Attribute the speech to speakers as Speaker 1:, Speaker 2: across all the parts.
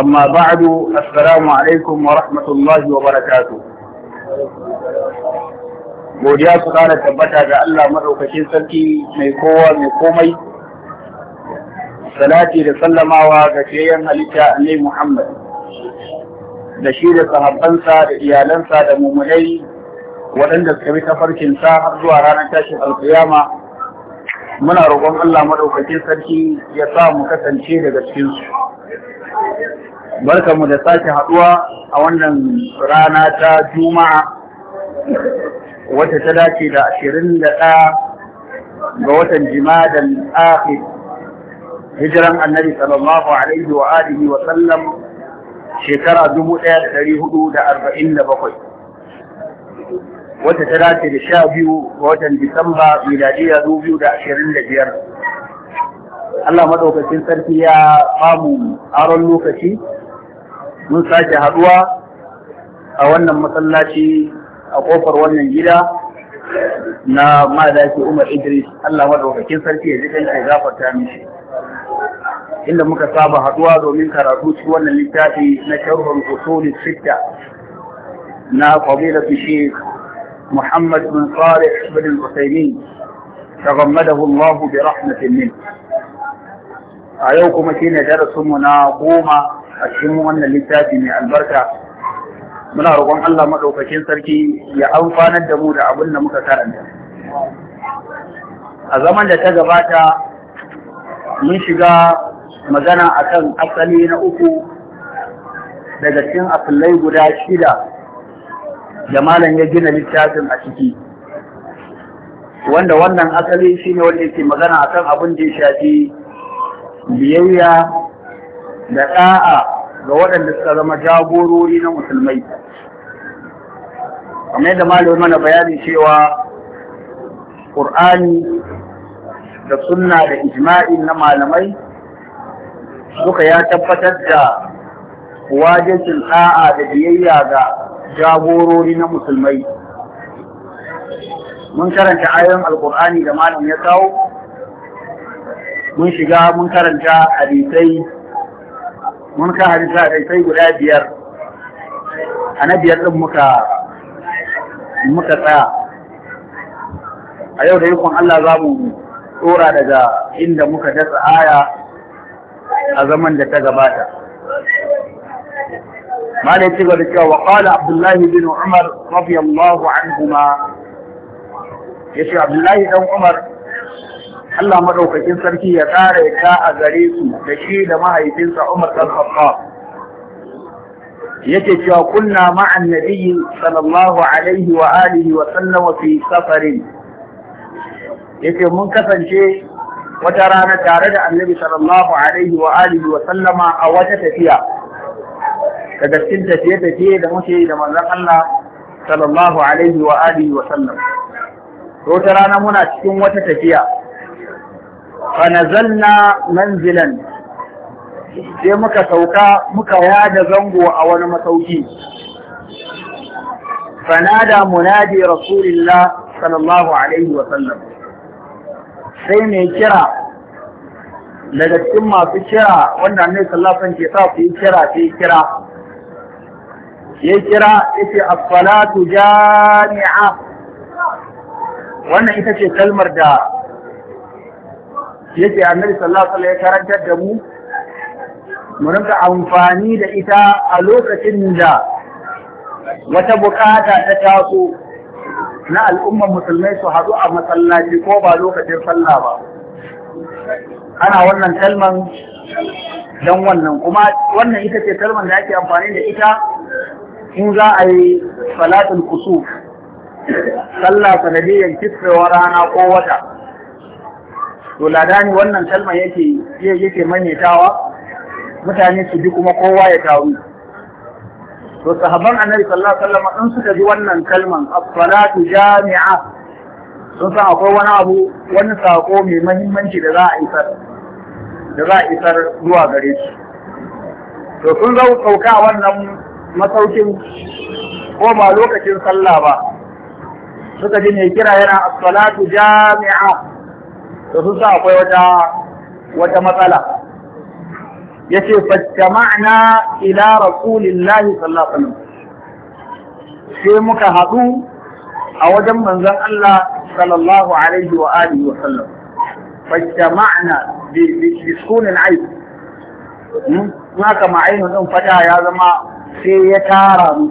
Speaker 1: أما بعد السلام عليكم ورحمة الله وبركاته godiya su kara tabbata ga Allah maɗaukacin sarki mai kowa mai komai salati da sallamawa ga fiyayyen halitta annabi Muhammad da shi da sahabbansa da iyalansa da mummunai waɗanda suka bi tafarkinsa har zuwa ranar tashin alkiyama muna roƙon Allah maɗaukacin sarki ya sa mu kasance daga cikinsu. barkanmu da sake haduwa a wannan rana ta juma'a wata ta dace da ashirin da ɗaya ga watan jimadan akhir hijiran annabi sallallahu alaihi wa alihi wa sallam shekara dubu ɗaya da ɗari hudu da arba'in da bakwai wata ta dace da sha biyu ga watan disamba miladiyya dubu biyu da ashirin da biyar
Speaker 2: Allah maɗaukacin
Speaker 1: sarki ya bamu aron lokaci mun sake haɗuwa a wannan masallaci a ƙofar wannan gida na madaki Umar Idris Allah maɗaukacin sarki ya ji kanka ya gafarta mishi inda muka saba haɗuwa domin karatu cikin wannan littafi na sharhul usul sitta na fadilatu Sheikh Muhammad bin Salih bin Al-Uthaymeen تغمده الله برحمة منه a yau kuma shi ne darasinmu na goma a cikin wannan littafi mai albarka muna roƙon Allah maɗaukakin sarki ya amfanar da mu da abin da muka karanta a zaman da ta gabata mun shiga magana akan asali na uku daga cikin asalai guda shida da malam ya gina littafin a ciki wanda wannan asali shine wanda yake magana akan abin da ya shafi biyayya da ɗa'a ga waɗanda suka zama jagorori na musulmai kamar yadda malamin mana bayani cewa ƙur'ani da sunna da ijma'in na malamai duka ya tabbatar da wajibin ɗa'a da biyayya ga jagorori na musulmai mun karanta ayoyin alƙur'ani da malam ya kawo mun shiga mun karanta hadisai mun ka hadisa hadisai guda biyar a na biyar ɗin muka muka tsaya a yau da yankun Allah za mu tsora daga inda muka dasa aya a zaman da ta gabata
Speaker 2: malai ci gaba da cewa wa
Speaker 1: qala abdullahi bin umar radiyallahu anhuma yace abdullahi dan umar Allah madaukakin sarki ya kare ka a gare su da shi da mahaifinsa Umar bin Khattab yake cewa kunna ma'an nabiyyi sallallahu alaihi wa alihi wa sallama fi safarin yake mun kasance wata rana tare da annabi sallallahu alaihi wa alihi wa sallama a wata tafiya daga cikin tafiye-tafiye da muke da manzon Allah sallallahu alaihi wa alihi wa sallam wata rana muna cikin wata tafiya fanazalna manzilan sai muka sauka muka yada zango a wani masauki fanada munadi rasulillah sallallahu alaihi wa sallam sai mai kira daga cikin masu kira wanda annabi sallallahu alaihi ke sa su yi kira sai kira ya kira yace as-salatu jami'a wannan ita ce kalmar da yake annabi sallallahu alaihi ya karantar da mu mu rinka amfani da ita a lokacin da wata bukata ta taso na al'umman musulmai su hadu a masallaci ko ba lokacin sallah ba ana wannan kalman don wannan kuma wannan ita ce kalman da ake amfani da ita in za a yi salatul kusuf sallah sanadiyyan kisfewar rana ko wata to ladani wannan kalma yake yake maimaitawa mutane su bi kuma kowa ya taru to sahaban annabi sallallahu alaihi wasallam in suka ji wannan kalman as-salatu jami'a sun san akwai wani abu wani sako mai muhimmanci da za a isar da za a isar zuwa gare shi to sun zau sauka wannan masaukin ko ba lokacin sallah ba suka ji mai kira yana as-salatu jami'a Da sun sa akwai wata matsala. Ya ce yace ma'ana ila rasulillahi sallallahu alaihi wasallam sai muka haɗu a wajen manzon Allah sallallahu alaihi wa alihi wa sallam fattama'na ma'ana, bi sukunin hmm? aib na kama ainihin ɗin fada ya zama sai ya tara mu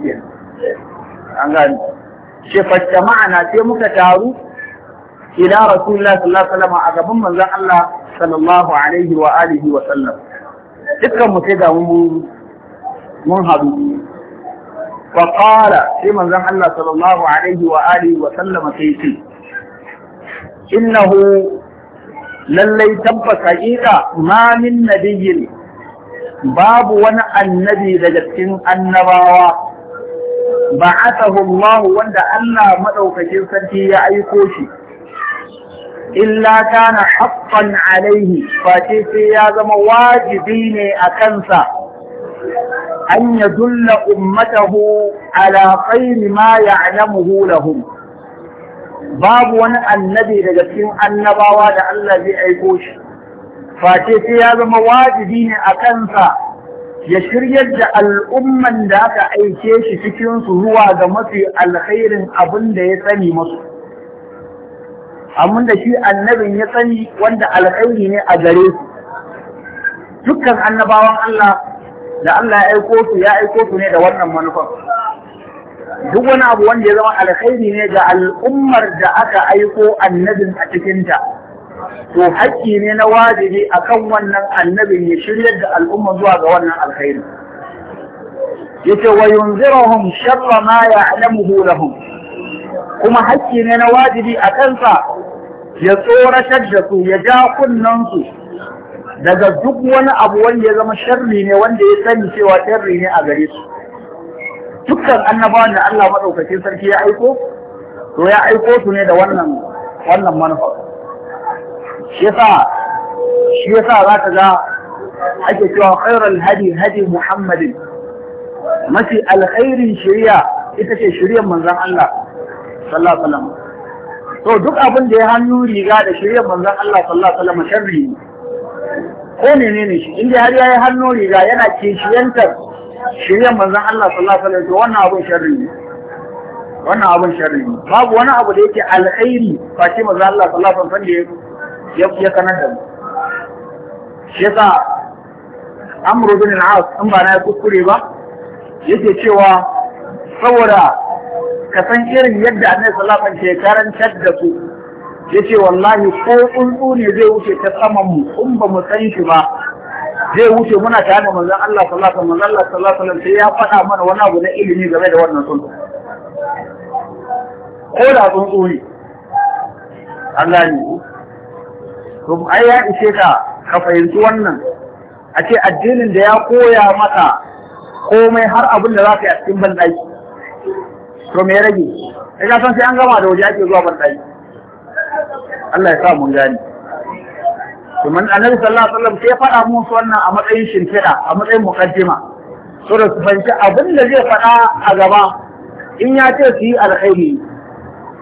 Speaker 1: an gani ce ma'ana sai muka taru ila rasulullahi sallallahu alaihi a gaban manzon Allah sallallahu alaihi wa alihi wa sallam dukkan mu sai ga mun mun hadu sai manzon Allah sallallahu alaihi wa alihi wa sallam sai ce innahu lallai tabbas haƙiƙa ma min nabiyyin babu wani annabi daga cikin annabawa ba'athahu Allah wanda Allah maɗaukakin sarki ya aiko shi illa kana haqqan alaihi face sai ya zama wajibi ne a kansa an ya dulla ummatahu ala qaimi ma ya'lamuhu lahum babu wani annabi daga cikin annabawa da Allah zai aiko shi face sai ya zama wajibi ne a kansa ya shiryar da al'umman da aka aike shi cikinsu zuwa ga mafi alkhairin abin da ya sani masu abin da shi annabin ya sani wanda alkhairi ne a gare su dukkan annabawan Allah da Allah ya aiko su ya aiko su ne da wannan manufan duk wani abu wanda ya zama alkhairi ne ga al'ummar da aka aiko annabin a cikinta to haƙƙi ne na wajibi akan wannan annabin ya shiryar da al'umma zuwa ga wannan alkhairi yace wa yunzirahum sharra ma ya'lamuhu lahum kuma haƙƙi ne na wajibi a kansa ya tsoratar da su ya ja kunnansu daga duk wani abu wanda ya zama sharri ne wanda ya sani cewa sharri ne a gare su dukkan annabawan da Allah madaukakin sarki ya aiko to ya aiko su ne da wannan wannan manufa shi yasa shi yasa za ka ga ake cewa khairul hadi hadi muhammadin mafi alkhairin shari'a ita ce shari'ar manzon Allah sallallahu alaihi wasallam to duk abin da ya hannu riga da shirya manzon Allah sallallahu alaihi wasallam sharri ko ne ne shi In inda har yayi hannu riga yana kishiyantar shirya manzon Allah sallallahu alaihi wasallam to wannan abin sharri ne wannan abin sharri ne babu wani abu da yake alkhairi face manzon Allah sallallahu alaihi wasallam ya ya kanar da mu shi yasa Amr bin al-As in ba Ya kuskure ba yake cewa saboda ka san irin yadda annabi sallallahu alaihi wasallam ke karantar da su yace wallahi ko tsuntsu ne zai wuce ta saman mu kun ba mu san shi ba zai wuce muna tare da manzon Allah sallallahu alaihi wasallam Allah sallallahu alaihi wasallam sai ya faɗa mana wani abu na ilimi game da wannan sunna ko da tsuntsu ne Allah ne to ai ya ishe ka ka fahimci wannan a ce addinin da ya koya maka komai har abin da za ka yi a cikin banɗaki to me rage ai ka san sai an gama da waje ake zuwa ban Allah ya sa mun gani
Speaker 2: to man annabi sallallahu
Speaker 1: alaihi wasallam sai ya faɗa musu wannan a matsayin shimfiɗa a matsayin muqaddima so da su fahimci abin da zai faɗa a gaba in ya ce su yi alkhairi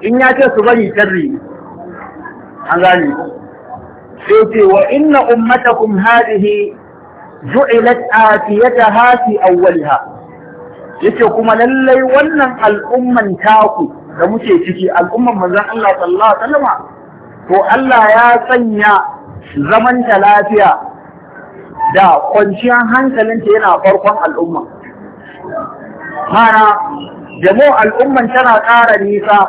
Speaker 1: in ya ce su bari sharri an gane sai ce wa inna ummatakum hadhihi ju'ilat atiyataha fi awwaliha yace kuma lallai wannan al'umman taku da muke ciki al'umman manzon Allah sallallahu alaihi wasallam to Allah ya sanya zaman ta lafiya da kwanciyar hankalin ta yana farkon al'umma mana jamo al'umman tana ƙara nisa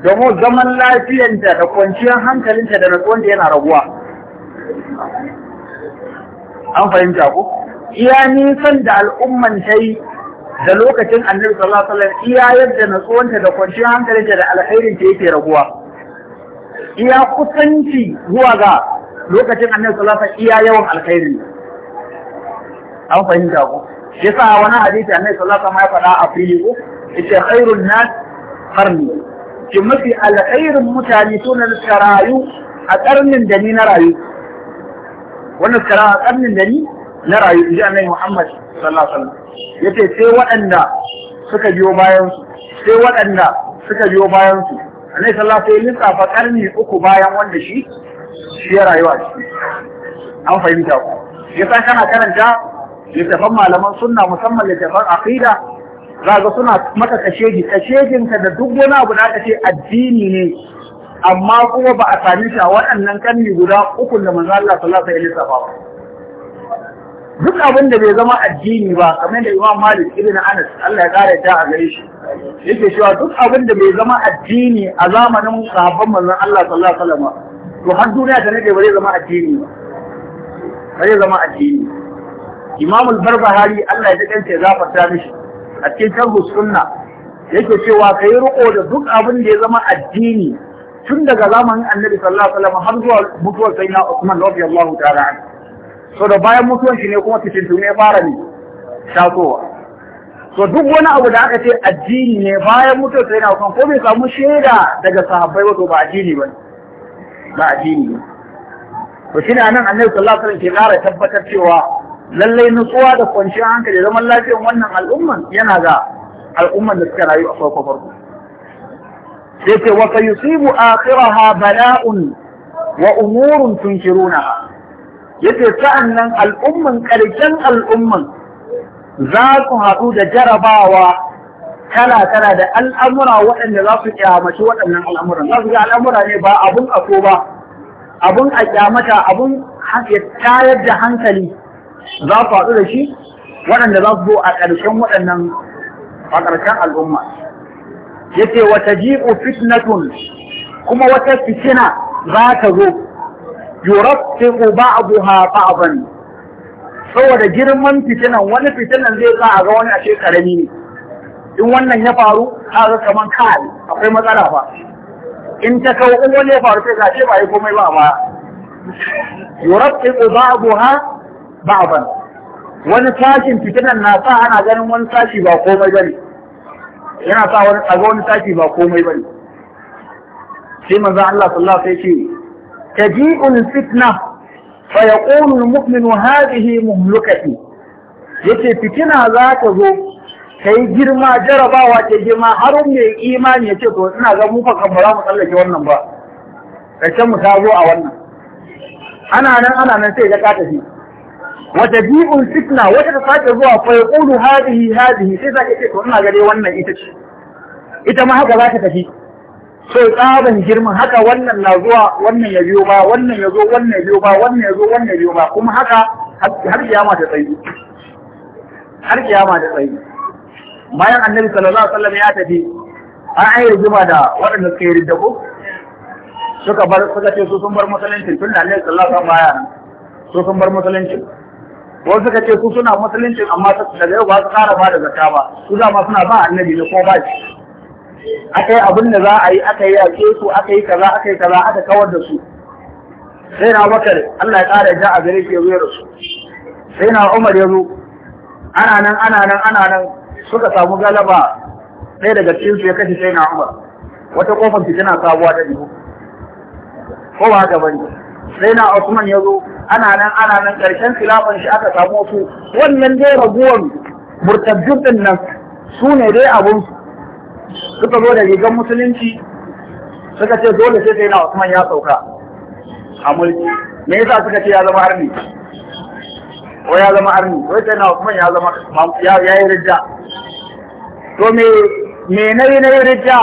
Speaker 1: jamo zaman lafiyanta da kwanciyar hankalinta da natsuwanta yana raguwa an fahimta ko iya nisan da al'umman ta yi da lokacin annabi sallallahu alaihi wasallam iya yadda natsuwanta da kwanciyar hankalinta da alkhairin ta yake raguwa iya kusanci zuwa ga lokacin annabi sallallahu alaihi wasallam iya yawan alkhairi an fahimta ku yasa wani hadisi annabi sallallahu alaihi wasallam ya faɗa a fili ko yace khairun nas qarni ki mafi alkhairin mutane suna suka rayu a karnin da ni na rayu wannan suka a karnin da ni na rayu inji annabi Muhammad sallallahu alaihi wasallam yace sai waɗanda suka biyo bayan su sai waɗanda suka biyo bayan su annabi sallallahu alaihi lissafa karni uku bayan wanda shi shi ya rayuwa ciki an fahimta ku Ya san kana karanta littafan malaman sunna musamman littafan aqida za ga suna maka kashedi kashedinka da duk wani abu da aka ce addini ne amma kuma ba a sami shi a waɗannan karni guda uku da manzo Allah sallallahu alaihi wasallam ba duk abin da bai zama addini ba kamar da Imam Malik ibn Anas Allah ya kare ta a gare shi yake cewa duk abin da bai zama addini a zamanin sahabban manzon Allah sallallahu alaihi wasallam to har duniya ta nake bare zama addini ba bare zama addini Imam al-Barbahari Allah ya dakanta ya zafarta mishi a cikin tarhus sunna yake cewa kai riko da duk abin da ya zama addini tun daga zamanin Annabi sallallahu alaihi wasallam har zuwa mutuwar Sayyidina Usman radiyallahu ta'ala anhu so da bayan mutuwan ne kuma fitintuni ya fara ne tasowa so duk wani abu da aka ce addini ne bayan mutuwa yana na kan ko bai samu shaida daga sahabbai wato ba addini ba ba addini ne to shine anan annabi sallallahu alaihi wasallam ke ƙara tabbatar cewa lallai nutsuwa da kwanciyar hankali zaman lafiyar wannan al'umman yana ga al'umman da suka rayu a farko farko sai ce wa sayusibu akhiraha bala'un wa umurun tunkiruna yace sa'an nan al'umman ƙarshen al'umman za ku haɗu da jarabawa kala kala da al'amura waɗanda za su kyamaci waɗannan al'amuran za su ga al'amura ne ba abun ako ba abun a ƙyamata, abun ya tayar da hankali za ku haɗu da shi waɗanda za su zo a ƙarshen waɗannan a ƙarshen al'umma yace wata jiƙo fitnatun kuma wata fitina za ta zo yuraffiqu ba'daha ba'dan saboda girman fitinan wani fitinan zai sa a ga wani ashe karami ne in wannan ya faru ka ga kaman kai akwai matsala fa in ta kawo in wani ya faru sai ga ce ba yi komai ba ba yuraffiqu ba'daha ba'dan wani tashin fitinan na sa ana ganin wani tashi ba komai bane yana sa wani a ga wani tashi ba komai bane sai manzo Allah sallallahu alaihi wasallam sai ce تجيء الفتنة فيقول المؤمن هذه مهلكتي yace fitina za ta zo ta yi girma jarabawa ta girma har mai imani ya ce to ina ga mu fa kan ba mu tsallake wannan ba karshen mu ta zo a wannan ana nan ana nan sai ga ka tafi wata bi'un fitna wata ta sake zuwa fa yaqulu hadhihi hadhihi sai za ka ce to ina ga dai wannan ita ce ita ma haka za ta tafi so tsaban girman haka wannan na zuwa wannan ya biyo ba wannan ya zo wannan ya biyo ba wannan ya zo wannan ya biyo ba kuma haka har kiyama ta tsayi har kiyama ta tsayi bayan annabi sallallahu alaihi wasallam ya tafi an ayi juma da waɗanda suka yi riddako suka bar suka ce su sun bar musulunci tun da annabi sallallahu alaihi wasallam baya nan su sun bar musulunci wasu suka ce su suna musulunci amma daga yau ba su ƙara ba da zakka ba su dama suna ba annabi ne ko ba shi aka yi abin da za a yi aka yi a su aka yi kaza aka yi kaza aka kawar da su sai na bakar Allah ya kare ja a gare shi ya zo su sai na umar ya zo ana nan ana nan ana nan suka samu galaba ɗaya daga cikin su ya kashe sai na umar wata kofar tana sabuwa ta dubu ko ba haka bane sai na Usman ya zo ana nan ana nan ƙarshen khilafan shi aka samu su wannan dai raguwar murtaddin nan su ne dai abun su suka zo da rigar musulunci suka ce dole sai sai na Usman ya sauka a mulki me yasa suka ce ya zama arni ko ya zama arni ko sai na Usman ya zama ya yi rijja to me me nayi nayi rijja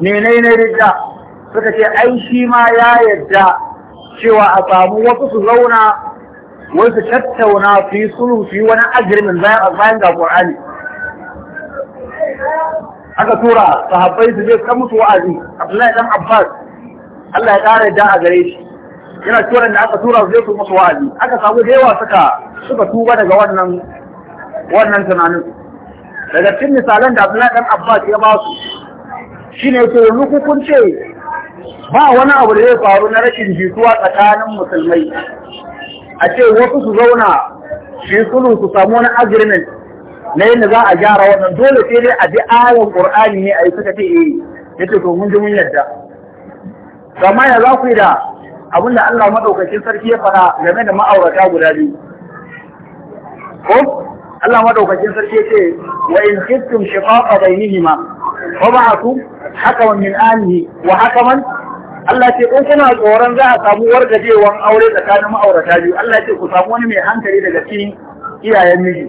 Speaker 1: me nayi nayi rijja suka ce ai shi ma ya yadda cewa a samu wasu su zauna wasu tattauna fi sulhu fi wani agreement bayan bayan ga Qur'ani aka tura sahabbai su je kan musu wa'azi Abdullahi dan Abbas Allah ya ƙara yadda a gare shi yana tura da aka tura su je su musu wa'azi aka samu da yawa suka suka tuba daga wannan wannan tunanin daga cikin misalan da Abdullahi dan Abbas ya ba su shine to yanzu kun ce ba wani abu da zai faru na rashin jituwa tsakanin musulmai a ce wasu su zauna shi sulhu su samu wani agreement na yadda za a gyara wannan dole sai dai a bi ayan qur'ani ne a yi suka ce eh ce to mun ji mun yadda amma ya za ku yi da abin da Allah madaukakin sarki ya faɗa game da ma'aurata guda biyu ko Allah madaukakin sarki ya ce wa in khiftum shiqaqa bainihima wa haka hakaman min ahlihi wa hakaman Allah ce in kuna tsoron za a samu wargajewan aure tsakanin ma'aurata biyu Allah ce ku samu wani mai hankali daga cikin iyayen miji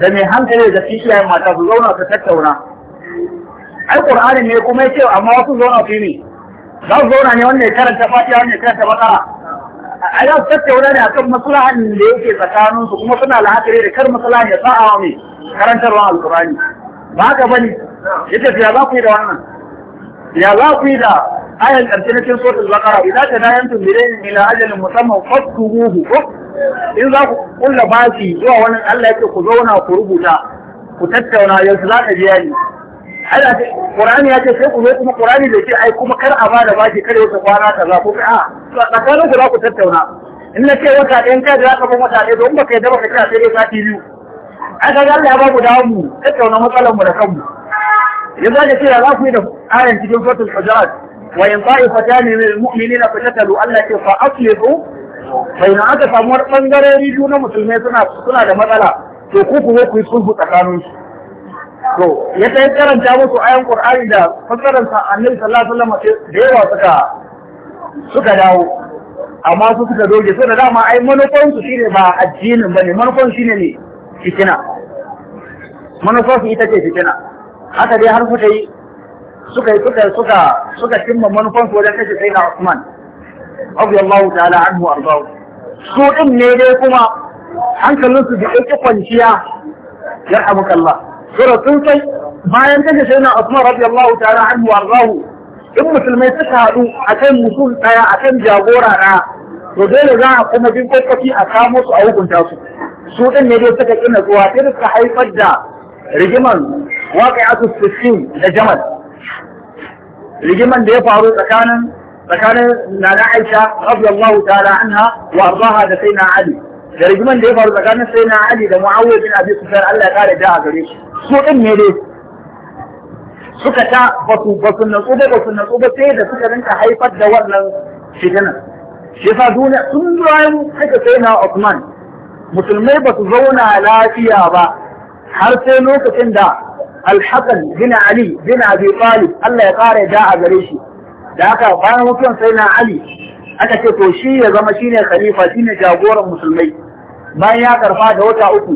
Speaker 1: da mai hankali da kishiyayen mata su zauna su tattauna ai ƙur'ani ne kuma ya wa? amma wasu zauna su ne za su zauna ne wanda ya karanta wanda ya karanta mata. ai za su tattauna ne a kan masulahan da yake tsakanin su kuma suna la'akari da kar maslahan ya sa'a wa mai karantarwa Alƙur'ani. ba haka bane yace ya za ku yi da wannan ya za ku yi da ayan karshe na cikin suratul zakara. idan ta dayan tun bidayin ila ajalin musamman fatuhu ko in za ku kulla baki zuwa wannan Allah yake ku zauna ku rubuta ku tattauna yanzu za ka je yani Allah Qur'ani ya ce sai ku zo kuma Qur'ani da ce ai kuma kar a bada baki kar yau ta kwana kaza ko a tsakanin ku za ku tattauna in na ce wata ɗayan kai da za ka bar wata ɗaya don baka yadda baka kira sai dai sati biyu ai kaga Allah ya ba ku dawo mu tattauna matsalar mu da kanmu yanzu da ce za ku yi da ayan cikin suratul hujurat wa in ta'ifatani min almu'minina fatatalu Allah ce fa aslihu fa in aka samu wani bangarori biyu na musulmai suna suna da matsala to ku ku ku sulhu tsakanin su to ya kai karanta musu ayan qur'ani da fassarar sa annabi sallallahu alaihi wasallam da yawa suka suka dawo amma su suka doge sai da dama ai manufan su shine ba addinin bane manufan shine ne fitina manufan su ita ce fitina haka dai har suka yi suka yi suka suka suka cimma manufan su wajen kashe sai na Usman radiyallahu ta'ala anhu ardahu su ɗin ne dai kuma hankalin su da yake kwanciya ya yarhamuka Allah sura sun sai bayan kashe sai na Usman radiyallahu ta'ala anhu ardahu in musulmai suka haɗu a kan musul ɗaya akan jagora ɗaya to dole za a kuma bin kwakwafi a kamo su a hukunta su su ɗin ne dai suka kina zuwa sai suka haifar da rigimar waƙi'atu Sifin da jamal rigiman da ya faru tsakanin tsakanin nana Aisha radiyallahu ta'ala anha wa ardaha da sayyidina Ali da rigiman da ya faru tsakanin sayyidina Ali da Muawiya bin Abi Sufyan Allah ya kare da a gare shi su din ne dai suka ta basu basu natsu ba basu natsu ba sai da suka rinka haifar da wannan fitinan shi yasa duniya sun bayan haka sayyidina Uthman musulmai ba su zauna lafiya ba har sai lokacin da AlHassan, bin ali bin abi talib Allah ya kare da a gare shi da haka bayan mutuwan sai na ali aka ce to shi ya zama shine khalifa shine jagoran musulmai bayan ya karfa da wata uku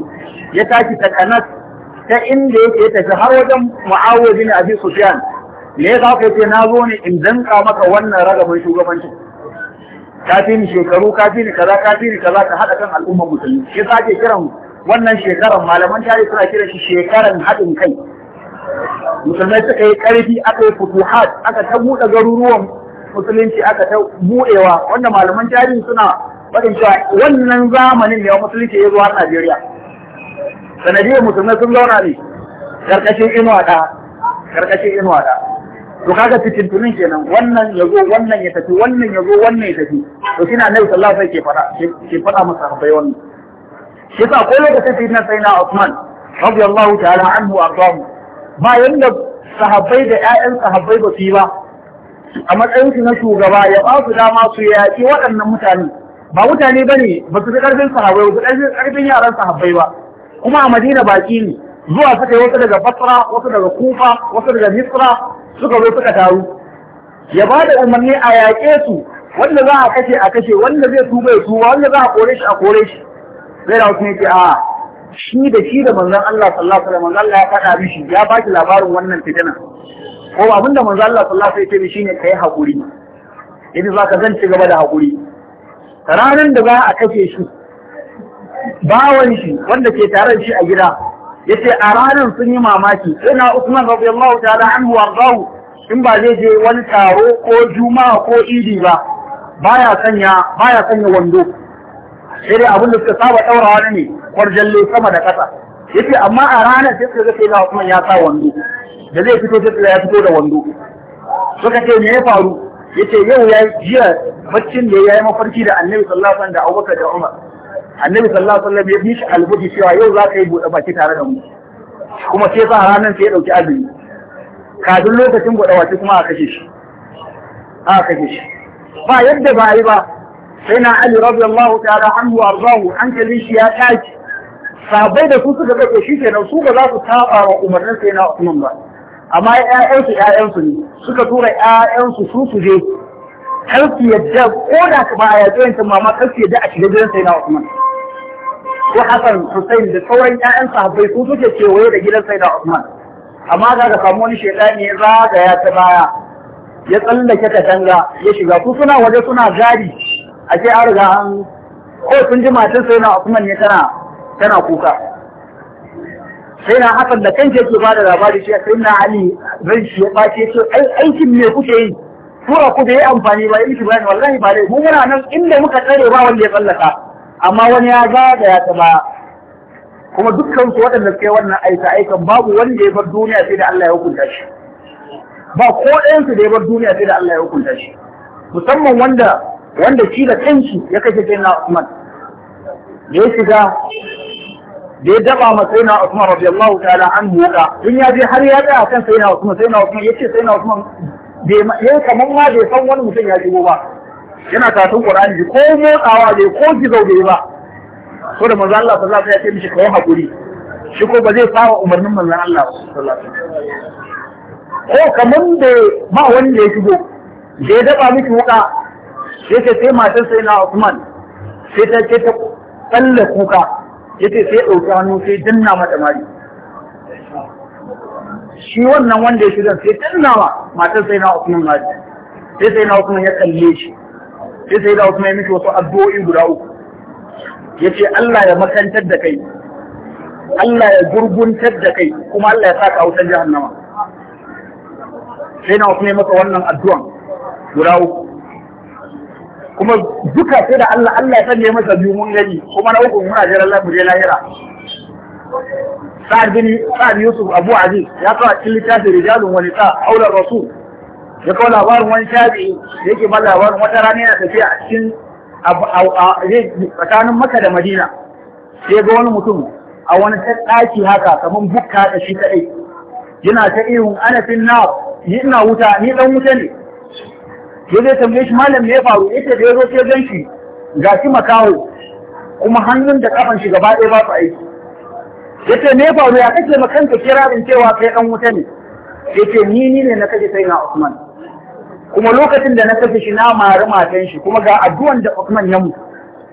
Speaker 1: ya tashi takanas ta inda yake ya tafi har wajen muawiya bin abi sufyan me yasa ka ce na zo ne in danka maka wannan ragaban shugabancin kafi ni shekaru kafi ni kaza kafi ni kaza ka hada kan al'ummar musulmi shi yasa kiran wannan shekaran malaman tarihi suna kiran shi shekaran haɗin kai musulmai suka yi ƙarfi aka yi futuhat aka ta buɗe garuruwan musulunci aka ta buɗewa wanda malaman tarihi suna faɗin cewa wannan zamanin ne wa musulunci ya zuwa Najeriya sanadiyar musulmai sun zauna ne karkashin inuwa ɗaya karkashin inuwa ɗaya to kaga fitintunin kenan wannan ya zo wannan ya tafi wannan ya zo wannan ya tafi to shi na annabi sallallahu alaihi ke faɗa ke faɗa masa bai wannan shi yasa ko lokacin fitna sai na Uthman radiyallahu ta'ala anhu ardahu ba yadda sahabbai da 'ya'yan sahabbai ba su yi ba a matsayinsu na shugaba ya ba su dama su yaƙi waɗannan mutane ba mutane ba ne ba su ƙarfin sahabbai ba su ƙarfin yaran sahabbai ba kuma a madina baƙi ne zuwa suka yi wasu daga basra wasu daga kufa wasu daga misra suka zo suka taru ya ba da umarni a yaƙe su wanda za a kashe a kashe wanda zai tuba ya tuba wanda za a kore shi a kore shi zai da wasu ne ke a shi da shi da manzon Allah sallallahu alaihi wasallam Allah ya faɗa mishi ya ba labarin wannan fitina ko abinda manzon Allah sallallahu alaihi wasallam ya ce shine kai hakuri idan zaka zan ci gaba da hakuri Ranar da za a kace shi bawan shi wanda ke tare shi a gida ya ce a ranar sun yi mamaki ina Usman radiyallahu ta'ala anhu warzahu in ba zai je wani taro ko juma'a ko idi ba baya sanya baya sanya wando sai dai abin da suka saba ɗaurawa ne ne kwarjalle sama da ƙasa yace amma a ranar sai suka ga sai na Usman ya sa wando da zai fito sai ya fito da wando suka ce me ya faru yace yau ya jiya baccin da yi mafarki da Annabi sallallahu alaihi wasallam da Abubakar da Umar Annabi sallallahu alaihi wasallam ya bi shi albuji cewa yau za ka yi buɗe baki tare da mu kuma sai sa ranar sai ya ɗauki azumi kafin lokacin buɗe baki kuma a kashe shi a kashe shi ba yadda ba a yi ba sai na Ali radiyallahu ta'ala anhu arzahu hankalin shi ya tashi sabai da su suka kake shi kenan su ba za su saba wa umarnin sai na Usman ba amma ƴaƴansu su ne suka tura ƴaƴansu su su je kar su yadda ko da ba a yaƙi yankin mama kar su yadda a shiga gidan sai na Usman ko Hassan Hussein da sauran ƴaƴan sahabbai su suke kewaye da gidan sai na Usman amma ga ka samu wani shedani ya ya ta baya ya tsallake katanga ya shiga su suna waje suna gari. Ake an riga an ko sun ji matan sai na Usman ne tana tana kuka sai na Hassan da kanke yake bada labari shi sai na Ali ran shi ya bace shi ai aikin me kuke yi kura ku da yi amfani ba yi bayani wallahi ba dai mu muna nan inda muka tsare ba wanda ya tsallaka amma wani ya zaga ya taba kuma dukkan su waɗanda suke wannan aika aikan babu wanda ya bar duniya sai da Allah ya hukunta shi ba ko ɗayan su da ya bar duniya sai da Allah ya hukunta shi musamman wanda wanda shi da kanshi ya kashe sai na Usman da ya shiga da ya daba ma sai na Usman ta ta'ala an buka tun ya je har ya tsaya kan sai na Usman sai na Usman ya ce sai na Usman ya kamar ma bai san wani mutum ya shigo ba yana karatun Qur'ani ko motsawa bai ko gizo bai ba ko da manzo Allah sallallahu alaihi wasallam ya ce mishi kai hakuri shi ko ba zai fara umarnin manzon Allah sallallahu alaihi
Speaker 2: wasallam ko kamar
Speaker 1: da ba wanda ya shigo da ya daba miki wuka yace sai matar sai na Usman sai ta ce ta kalla kuka yace sai ɗauki hannu sai danna mata mari shi wannan wanda ya shiga sai danna ma matar sai na Usman mari sai sai na Usman ya kalle shi sai sai na Usman ya miki wasu addu'o'i guda uku yace Allah ya makantar da kai Allah ya gurguntar da kai kuma Allah ya saka a wutar jahannama sai na Usman ya masa wannan addu'an guda uku kuma duka sai da Allah Allah ya sanya masa biyu mun gani kuma na uku muna jira Allah mu je lahira sa'ad bin sa'ad Yusuf Abu Aziz ya kawo cikin littafin rijalun wani sa aular rasul ya kawo labarin wani shafi'i yake ba labarin wata rana yana tafiya a cikin tsakanin Makka da Madina sai ga wani mutum a wani ɗaki haka kamar bukka da shi kaɗai yana ta ihun ana na ni ina wuta ni ɗan wuta ne ya zai tambaye shi malam me ya faru yace da ya zo sai gan shi ga shi kuma hannun da kafan shi gaba ɗaya ba su aiki yace me ya faru ya kace makanka kirarin cewa kai dan wuta ne yace ni ni ne na kaje sai na Usman kuma lokacin da na kace shi na mari matan shi kuma ga addu'an da Usman ya mutu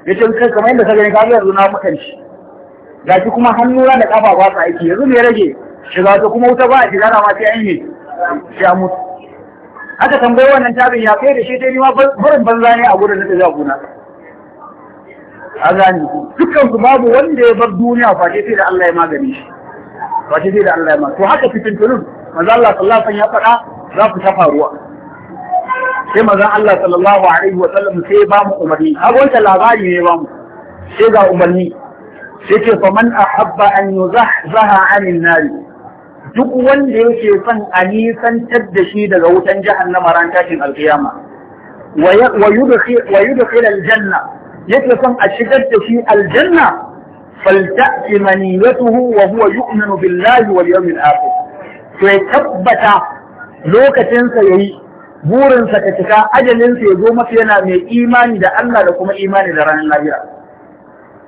Speaker 1: yace kai kamar yadda ka gani ka zo na makan shi gashi kuma na da kafa ba su aiki yanzu me rage shiga ta kuma wuta ba a shiga na ma sai an yi sai mutu aka tambayi wannan tabin ya kai da shi ta ma barin banza ne a gurin da ta gona a gani Dukkansu babu wanda ya bar duniya face sai da Allah ya magani shi face sai da Allah ya magani to haka fitintunun manzo Allah sallallahu alaihi wasallam ya faɗa za ku ta faruwa sai manzo Allah sallallahu alaihi wasallam sai ba mu umarni kaga wancan labari ne ba mu sai ga umarni sai ce faman ahabba an yuzahzaha anin nari duk wanda yake son a nisantar da shi daga wutan jahannama ran tashin alkiyama wa yudkhil aljanna yake son a shigar da shi aljanna falta'ti maniyatuhu wa huwa yu'minu billahi wal yawmil akhir to ya tabbata lokacin sa yayi burin sa ka cika ajalin sa yazo masa yana mai imani da Allah da kuma imani da ranar lahira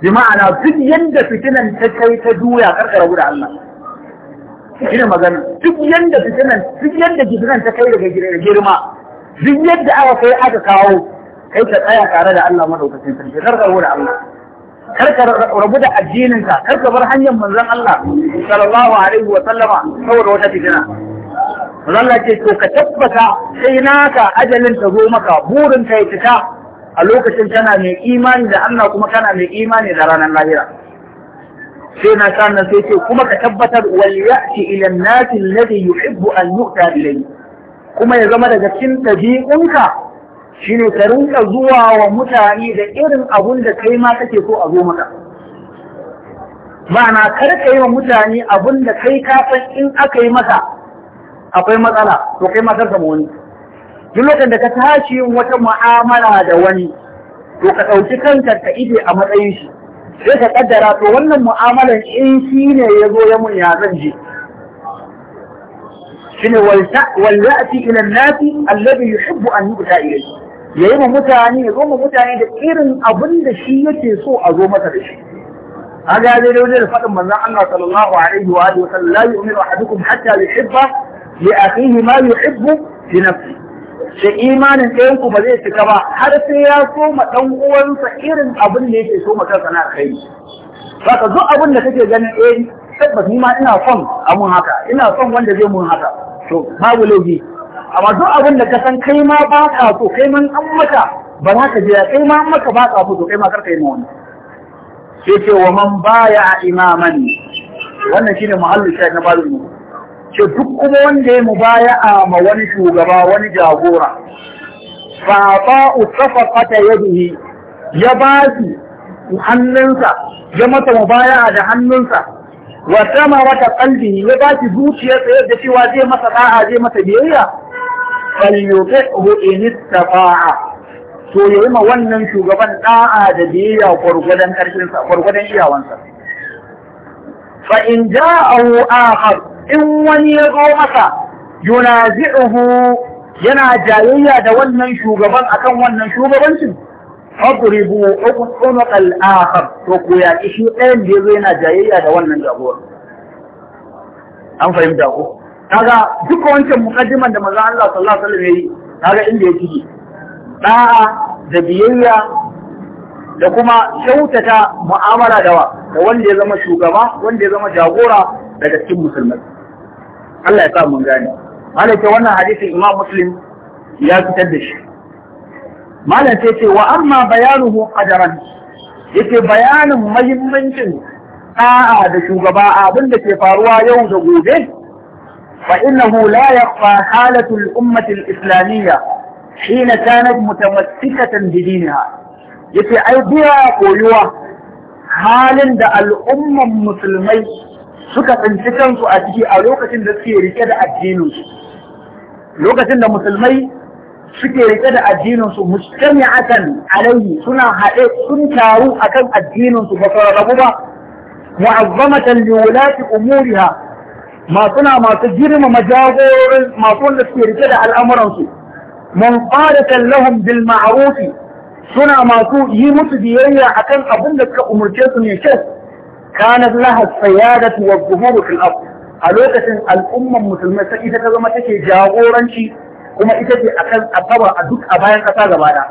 Speaker 1: bi ma'ana duk yanda fitinan ta kai ta duya karkara da Allah shine magana duk yadda fitinan duk yadda fitinan ta kai daga girma duk yadda aka kai aka kawo kai ka tsaya tare da Allah madaukakin sarki kar ka da Allah kar ka rabu da addininka, kar ka bar hanyar manzon Allah sallallahu alaihi wa sallama saboda wata fitina manzon Allah ce to ka tabbata sai naka ajalin ta zo maka burin ka yi cika a lokacin kana mai imani da Allah kuma kana mai imani da ranar lahira sai na sa nan sai ce kuma ka tabbatar wal ya'ti ila an-nasi alladhi yuhibbu an yu'ta ilayhi kuma ya zama daga cikin ɗabi'unka shine ka rinka zuwa wa mutane da irin abun da kai ma kake so a zo maka ma'ana kar ka yi wa mutane abun da kai ka san in aka yi maka akwai matsala to kai ma kar wani duk lokacin da ka tashi yin wata mu'amala da wani to ka ɗauki kanka ka ije a matsayin shi sai ka kaddara to wannan mu'amalan in shi ne ya zo ya mun ya zan ji shine walza'ati ila nasi alladhi yuhibbu an yu'ta ilayhi yayi mu mutane ya zo mu mutane da irin abin da shi yake so a zo masa da shi هذا دليل دليل فقد من الله صلى الله عليه وآله وسلم لا يؤمن أحدكم حتى يحب لأخيه ما يحب لنفسه da imanin ɗayan ku ba zai cika ba har sai ya so ma ɗan uwansa irin abin da yake so ma sana na kai ka zo abin da kake ganin eh tabbas ni ma ina son amun haka ina son wanda zai mun haka to babu laifi amma zo abin da ka san kai ma ba ka so kai man an maka ba za ka jira kai ma an maka ba ka so kai ma karka yi ma wani sai ce wa man baya imaman wannan shine muhallin shi na babu ce duk kuma wanda ya mubaya'a ma wani shugaba wani jagora fa ba usafaqata yadihi ya ba hannunsa ya mata mubaya'a da hannunsa wa sama wata ya ba zuciyar zuciyarsa yadda cewa zai masa da'a zai masa biyayya falyuti'hu in istafa'a to yi ma wannan shugaban da'a da biyayya gwargwadon karfinsa iyawansa fa in ja'ahu akhar in wani ya zo masa yunazi'uhu yana jayayya da wannan shugaban akan wannan shugabancin fadribu unuq al-akhar to ko ya shi ɗayan da yazo yana jayayya da wannan jagora an fahimta ko kaga duk wancan muqaddiman da manzon Allah sallallahu alaihi wasallam yayi kaga inda ya ciki da'a da biyayya da kuma kyautata mu'amala da wa da wanda ya zama shugaba wanda ya zama jagora daga cikin musulmai Allah ya sa mun gane malaka wannan hadisin imam muslim ya fitar da shi malam sai ce wa amma bayanuhu qadaran yake bayanin muhimmancin da'a da shugaba abin da ke faruwa yau da gobe fa innahu la yakhfa halatu al-ummati al-islamiyya hina kanat mutamassikatan bi dinha yace ai biya koyuwa halin da al'umman musulmai suka tsinci kansu a ciki a lokacin da suke rike da addininsu lokacin da musulmai suke rike da addininsu akan alaihi suna haɗe sun taru akan addininsu ba su rabu ba mu'azzamatan li wulati umuriha ma suna masu girmama jagororin masu wanda suke rike da al'amuransu munfadatan lahum bil ma'ruf suna masu yi musu biyayya akan abin da suka umurce su ne kyau kanat laha sayadatu wa zuhuru fil a lokacin al'umman musulmai sai zama take jagoranci kuma ita ce akan asaba a duk a bayan ƙasa gaba da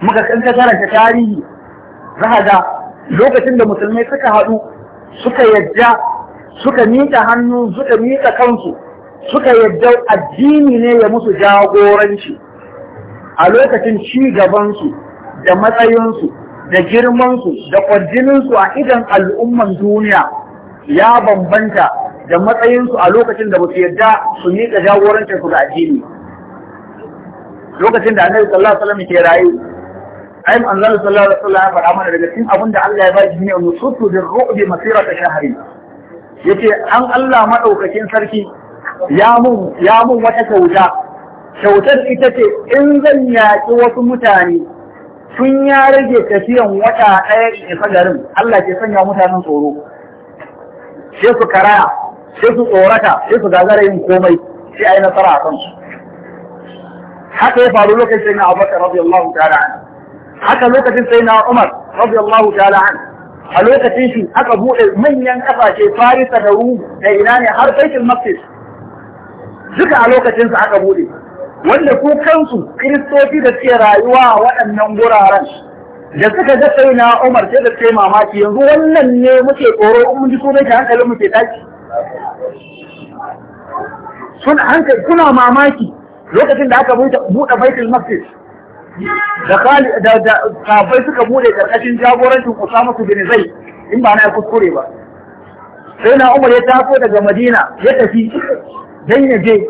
Speaker 1: muka kan ka karanta tarihi za lokacin da musulmai suka haɗu suka yadda suka miƙa hannu suka miƙa kansu suka yadda addini ne ya musu jagoranci a lokacin ci gabansu da matsayinsu da girmansu da kwarjininsu a idan al'umman duniya ya bambanta da matsayinsu a lokacin da ba su yadda su miƙa jagorancin su ga addini lokacin da annabi sallallahu alaihi wasallam ke rayu ayyam anzal sallallahu alaihi wasallam ya faɗa mana daga cikin abin da Allah ya ba shi ne nusutu bir ru'bi masirata shahari yace an Allah madaukakin sarki ya mun ya mun wata kyauta kyautar ita ce in zan yaƙi wasu mutane tun ya rage tafiyan wata ɗaya isa garin Allah ke sanya mutanen tsoro sai su karaya sai su tsorata sai su gagara yin komai sai a yi nasara a kansu haka ya faru lokacin sai na abubakar radiyallahu ta'ala an haka lokacin sai na umar radiyallahu ta'ala an a lokacin shi aka buɗe manyan ƙasashe farisa da ruhu da ina ne har baitul maqdis duka a lokacinsa aka buɗe wanda ku kansu kiristoci da suke rayuwa a waɗannan guraren da suka ga sai na Umar sai da sai mamaki yanzu wannan ne muke tsoro in mun ji sunan shi hankalin muke ke sun hankali kuna mamaki lokacin da aka buɗe baitul maqdis da da da suka bude karkashin jagorancin Usama bin Zaid in ba na kuskure ba sai na Umar ya taso daga Madina ya tafi dan ya je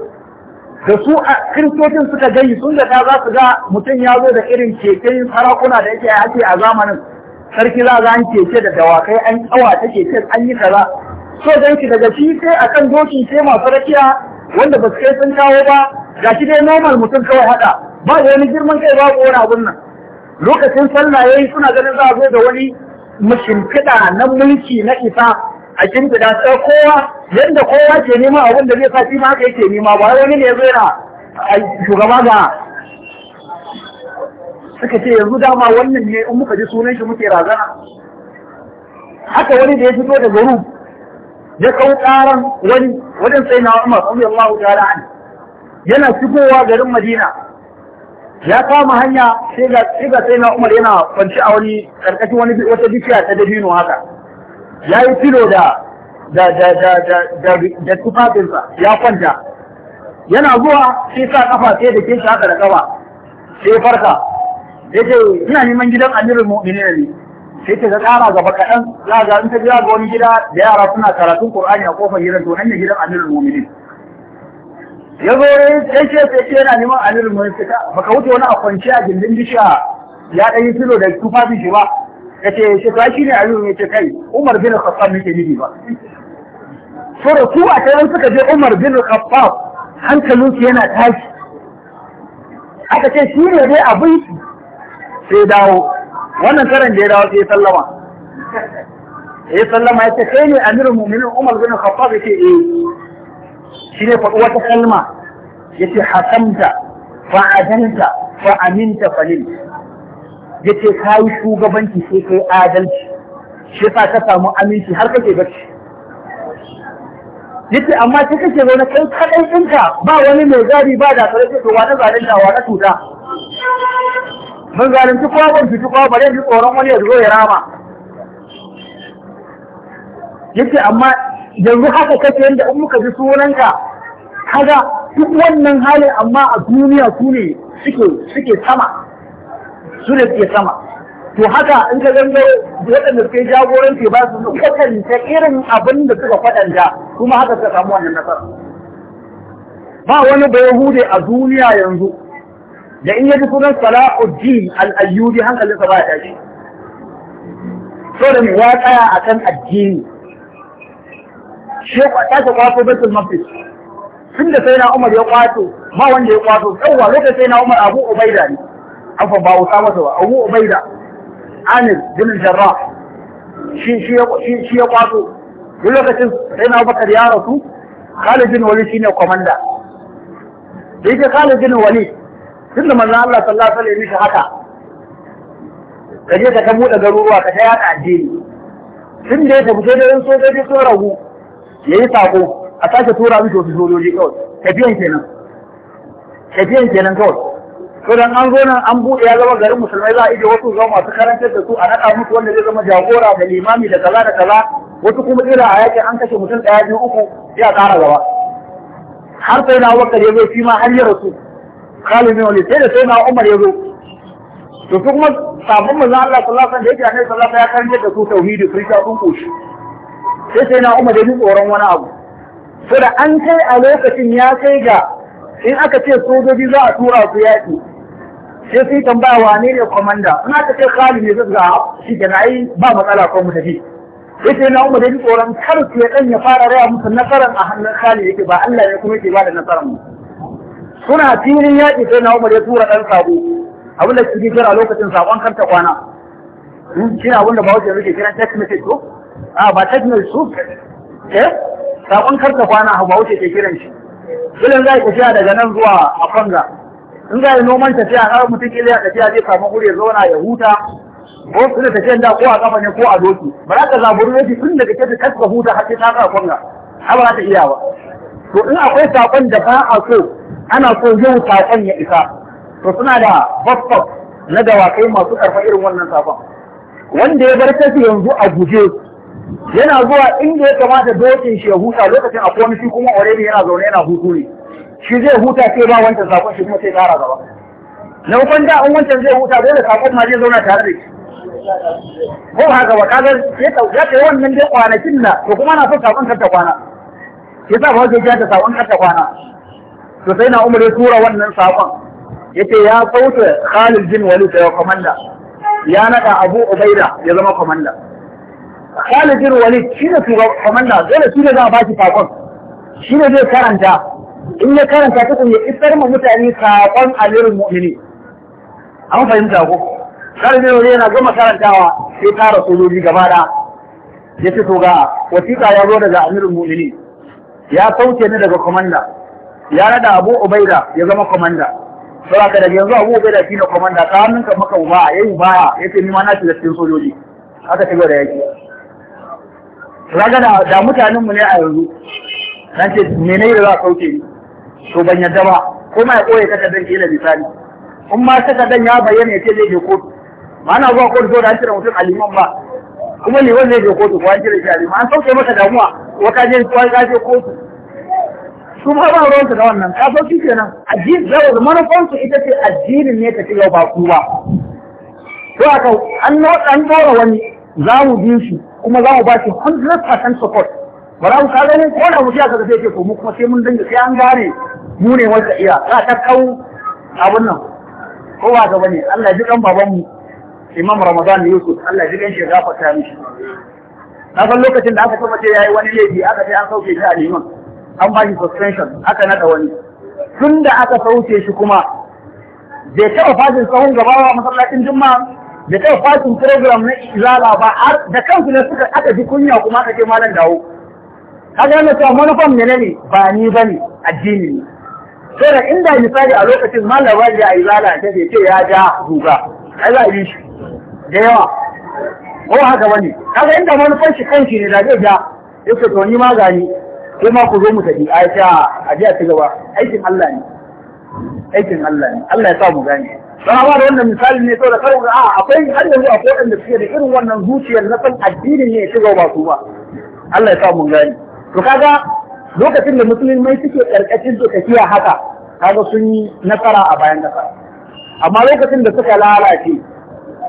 Speaker 1: da su a kiristocin suka gani sun ga za su ga mutum ya zo da irin keken sarakuna da yake ake a zamanin sarki za za an keke da dawakai an kawa ta keke an yi kaza so dan shi daga shi sai a kan dokin sai masu rakiya wanda ba su kai sun kawo ba ga shi dai normal mutum kawai hada ba wani girman kai ba wani abun nan lokacin sallah yayi suna ganin za a zo da wani mushimfiɗa na mulki na isa a shimfiɗa sai kowa yadda kowa ke nema abin da zai sa shi ma haka yake nema ba wani ne zai na shugaba ga suka ce yanzu dama wannan ne in muka ji sunan shi muke razana haka wani da ya fito da garu ya kawo ƙaran wani wajen sai na Umar radiyallahu ta'ala an yana shigowa garin Madina ya kama hanya sai ga sai na Umar yana kwanci a wani karkashin wani wata bishiya ta dabino haka ya yi filo da tufafinsa ya kwanta yana zuwa sai sa kafa sai da ke haka da kafa sai farka ya ce ina neman gidan amirin mu'minin ne sai ta kara gaba kaɗan za ga in ta biya ga wani gida da yara suna karatun Kur'ani a kofar gidan to nan gidan amirin mu'minin ya zo ya ce sai ce yana neman amirin mu'minin baka wuce wani a kwance a gindin bishiya ya ɗan yi filo da tufafin shi ba ya ce shi ta shi ne aliyu ya ce kai umar bin khattab nake nufi ba sura ku a kai suka je umar bin khattab hankalinsu yana tashi aka ce shi ne dai abin sai dawo wannan karan da ya dawo sai sallama ya sallama ya ce kai ne amirul mu'minin umar bin khattab ya ce eh shi ne faɗi wata kalma ya ce hasamta fa'adanta fa'aminta falil ya ce ka yi shugabanci sai ka yi adalci shi sa ka samu aminci har kake barci. ya ce amma sai kake zaune kai kaɗai ɗinka ba wani mai gari ba da sarki to wani da wani cuta mun zalunci kowa ban fiti kowa bare ji tsoron wani ya zo ya rama ya ce amma yanzu haka kake yadda in muka ji sunanka kaga duk wannan halin amma a duniya su ne suke sama su ne suke sama to haka in ka zango waɗanda suke jagoranci ba su kwatanta irin abin da suka faɗanta kuma haka suka samu wannan nasara ba wani bayahude a duniya yanzu da in yaji sunan salahuddin al'ayyubi hankalinsa ba ya tashi sauran ya tsaya a kan addini shi ya kwato baitul maqdis tun da sai na umar ya kwato ba wanda ya kwato tsawwa lokacin sai na umar abu ubaida ne عفوا ba usama ba abu ubaida anil bin jarrah شي شي شي shi ya kwato duk lokacin sai na bakar ya rasu Khalid bin Walid shine komanda da yake Khalid bin tunda manzo Allah sallallahu alaihi wasallam ya haka kaje ka ta buɗe garuruwa ka ta addini tun da ya tafi sai sojoji sun ragu ya yi sako a sake tura mishi sojoji kawai tafiyan kenan to dan an zo nan an buɗe ya zama garin musulmai za a ije wasu zama masu karantar da su a naɗa musu wanda zai zama jagora da limami da kaza da kaza wasu kuma ira a yakin an kashe mutum ɗaya biyu uku sai a ƙara gaba har sai na wakar ya zo shi ma har ya rasu Khalid bin Walid sai da sai na Umar ya zo to su kuma sabon manzo Allah sallallahu alaihi wasallam da yake annabi sallallahu alaihi wasallam ya karantar da su tauhidi sun sha sun koshi sai sai na Umar ya ji tsoron wani abu saboda an kai a lokacin ya kai ga in aka ce sojoji za a tura su yaƙi sai sun tambaya wane ne komanda in aka ce khalid ne zai ga shi da nayi ba matsala ko mu tafi sai na umar da tsoron kar su ya dan ya fara raya musu nasaran a hannun khalid yake ba Allah ne kuma yake ba da nasaran mu suna filin yaƙi sai na umar ya tura ɗan sabo abin da suke kira lokacin sakon karta kwana hmm, shi ne abin da ba wuce rike kiran text message ko a ah, ba text message su eh sakon karta kwana ba wuce ke kiran shi Ilin zai tafiya daga nan zuwa a Kwanga. In yi noman tafiya har mutum ilin tafiya zai samu wuri ya zauna ya huta. Ko su da tafiyan da ko a kafa ne ko a doki. Ba za ka zaburi yake tun daga kake kaska huta har sai ta ka Kwanga. Har ba za ta iya ba. To in akwai sakon da ba a so ana so yau sakon ya isa. To suna da baffaf na dawakai masu karfa irin wannan sakon. Wanda ya bar tafi yanzu a guje yana zuwa inda ya kamata dokin shi ya huta lokacin akwai shi kuma already yana zaune yana hutu ne shi zai huta sai ba wancan sakon shi kuma sai tsara gaba na hukun da an wancan zai huta dole sakon ma zai zauna tare
Speaker 2: da shi ko
Speaker 1: haka ba kaga ya ta wannan dai kwanakin na to kuma na son sakon karta kwana yasa ba zai ta sakon karta kwana to sai na umar ya tura wannan sakon yace ya sauta Khalid bin Walid ya komanda ya naka Abu Ubaida ya zama komanda Khalid Walid shi ne kwamanda dole shi ne za a baki fakon shi ne zai karanta in ya karanta tukun ya isar ma mutane fakon alirin mu'mini an fahimta ko Khalid yana gama karantawa sai tara sojoji gaba da ya fito ga wasiƙa ya zo daga amirin mu'mini ya sauke ni daga kwamanda. ya rada Abu Ubaida ya zama kwamanda. saboda daga yanzu Abu shi shine kwamanda ta hannunka maka uba yayi Ya ce ni ma na shiga cikin sojoji aka shiga da yaki raga da mutanen mu ne a yanzu nan ce mene da za a sauke ni to ban yadda ba ko ma ya koye takardar kila misali in ma ka dan ya bayyana ya ce zai je kotu ma ana zuwa kotu da an cire mutum a ba kuma liman zai je kotu ko an cire shi a liman an sauke maka damuwa ko wata je ka je kotu su ma ba ruwansu da wannan ka sauki kenan addini zawo da manufansu ita ce addinin ne ta ci yau ba ku ba to aka an an dora wani za mu bi shi kuma za mu ba shi 100% support Ba za mu ka ganin ko da mu ya kaga sai ke ko mu kuma sai mun dinga sai an gane mu ne wanda iya za ta kau abun nan ko ba ga bane Allah ji kan baban mu Imam Ramadan Yusuf Allah ji kan shi gafarta mishi na san lokacin da aka kuma ce yayi wani laifi aka sai an sauke shi a liman an ba shi suspension aka nada wani Tunda aka sauke shi kuma zai taɓa fadin tsawon gaba masallacin juma'a da kai fatin program na izala ba da kansu na suka aka ji kunya kuma aka ce malam dawo kaga yana cewa manufan ne ne ba ni ba ne addini ne sai da inda misali a lokacin malam ba ya izala ta ce ya ja duga ai za a yi shi da yawa ko haka bane kaga inda manufan shi kanshi ne da zai ja yake to ni ma ko ma ku zo mu tafi aisha a ji a ci gaba aikin Allah ne aikin Allah ne Allah ya sa mu gane Sana ba da wannan misali ne saboda karin a akwai har yanzu akwai waɗanda suke da irin wannan zuciyar na san addinin ne ya shiga ba su ba. Allah ya sa mun gani. To kaga lokacin da musulmai suke karkashin tafiya haka kaga sun yi nasara a bayan nasara. Amma lokacin da suka lalace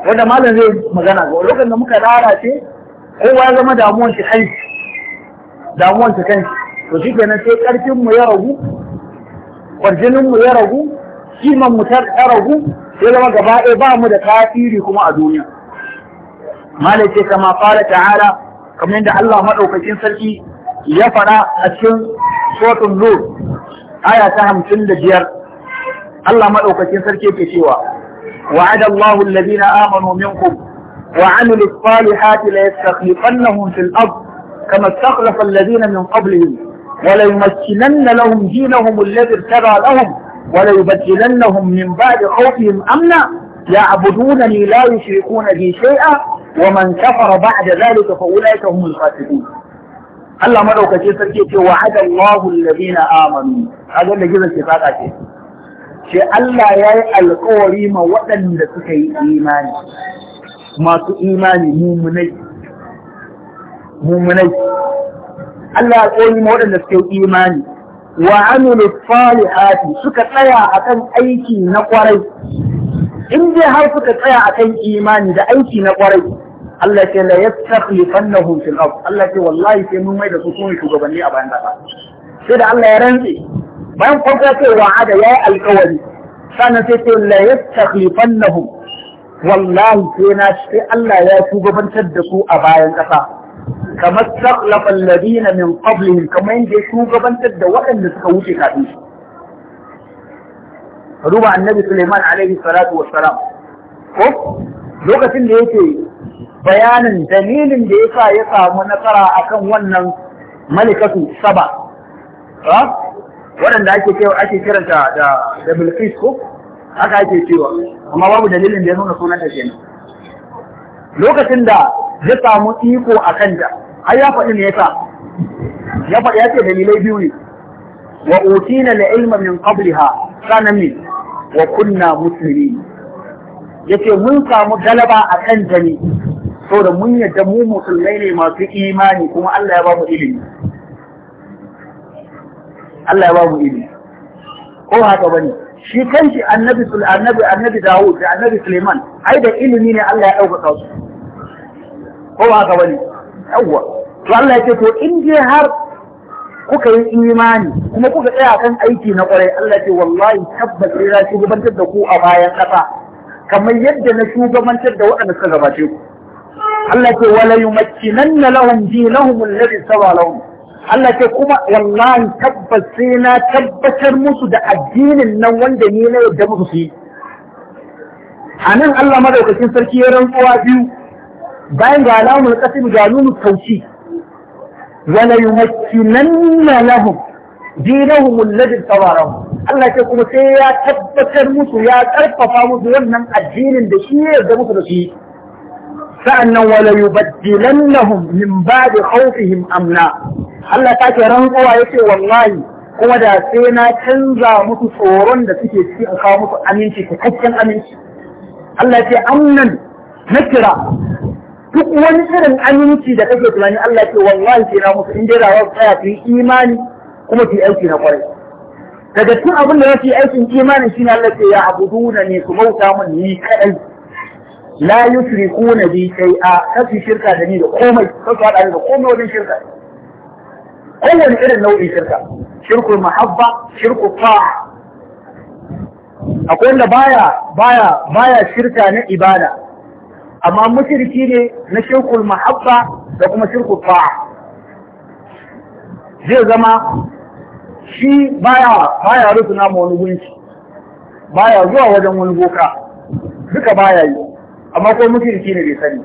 Speaker 1: wanda malam zai magana ga lokacin da muka lalace kowa ya zama damuwan shi kanshi damuwan shi kanshi to shi kenan sai karfin mu ya ragu kwarjinin mu ya ragu kiman mu ta ragu sai zama gaba ɗaya ba mu da tasiri kuma a duniya malai kama fara ta'ala kamar yadda Allah maɗaukakin sarki ya faɗa a cikin suratul nur aya ta hamsin da biyar Allah maɗaukakin sarki ke cewa wa'ada Allahu na amanu minkum وعملوا الصالحات ليستخلفنهم في الأرض كما استخلف الذين من قبلهم وليمكنن لهم دينهم الذي ارتبى لهم wala yubaddilannahum min ba'di khawfihim amna ya'budunani la yushrikuna bi shay'a wa man kafara ba'da dhalika fa Allah madaukake sarki ce wa hada Allahu alladhina amanu kaga da gizo ke saka ce ce Allah yayi alƙawari ma waɗanda suka yi imani masu imani mumunai Allah ya koyi ma waɗanda suka yi imani wa amilu salihati suka tsaya akan aiki na kwarai in dai har suka tsaya akan imani da aiki na kwarai Allah ce la yastakhlifannahum fil ard Allah ce wallahi sai mun mai da su kuma shugabanni a bayan kasa sai da Allah ya rantsi bayan farko sai wa'ada yayi alkawari sannan sai ce la yastakhlifannahum wallahi sai na sai Allah ya shugabantar da su a bayan kasa kamar saklafa ladina min qablihim kamar yadda ya shugabantar da waɗanda suka wuce kafin shi duba annabi Suleiman alaihi salatu salam. ko lokacin da yake bayanin dalilin da ya sa ya samu nasara akan wannan malikatu saba ha waɗanda ake kiranta da da ko haka ake cewa amma babu dalilin da ya nuna sunanta kenan lokacin da ya samu iko a kanta Ai ya faɗi ne yasa ya faɗi ya ce dalilai biyu ne wa utina la ilma min qabliha sanan ne wa kunna muslimin yace mun samu galaba a kan ta ne saboda mun yadda mu musulmai ne masu imani kuma Allah ya ba mu ilimi Allah ya ba mu ilimi ko haka bane shi kanshi annabi annabi annabi Dawud da annabi Suleiman ai da ilimi ne Allah ya dauka su ko ba haka bane yawwa to Allah ya ce to in dai har kuka yi imani kuma kuka tsaya kan aiki na kwarai Allah ya ce wallahi tabbas sai na shugabantar da ku a bayan kasa kamar yadda na shugabantar da waɗanda suka gabace ku Allah ce wala yumakkinanna lahum dinahum alladhi sawa lahum Allah ce kuma wallahi tabbas sai na tabbatar musu da addinin nan wanda ni na yadda musu su yi. A nan Allah madaukakin sarki ya rantsuwa biyu bayan ga alamun qasim ga nunu tauci wala yumakkinanna lahum dinahum alladhi tawarahum Allah ce kuma sai ya tabbatar musu ya karfafa musu wannan addinin da shi ya yarda musu da shi sa'annan wala yubaddilannahum min ba'di khawfihim amna
Speaker 2: Allah ta ce rantsuwa
Speaker 1: yace wallahi kuma da sai na canza musu tsoron da suke ciki in kawo musu aminci cikakken aminci Allah ce amnan nakira duk wani irin aminci da kake tunani Allah ke wallahi sai na musu in dai rawa tsaya su yi imani kuma su yi aiki na kwarai daga cikin abin da zasu yi aikin imani shine Allah ce ya abuduna ne su bauta mun ni kai la yusrikuna bi shay'a kafi shirka da ni da komai kafi hada da komai wajen shirka kowane irin nau'in shirka shirkul mahabba shirku ta'a akwai wanda baya baya baya shirka na ibada amma mushirki ne na shirkul mahabba da kuma shirkul ta'a zai zama shi baya baya rusuna ma wani gunci baya zuwa wajen wani goka duka baya yi amma ko mushirki ne bai sani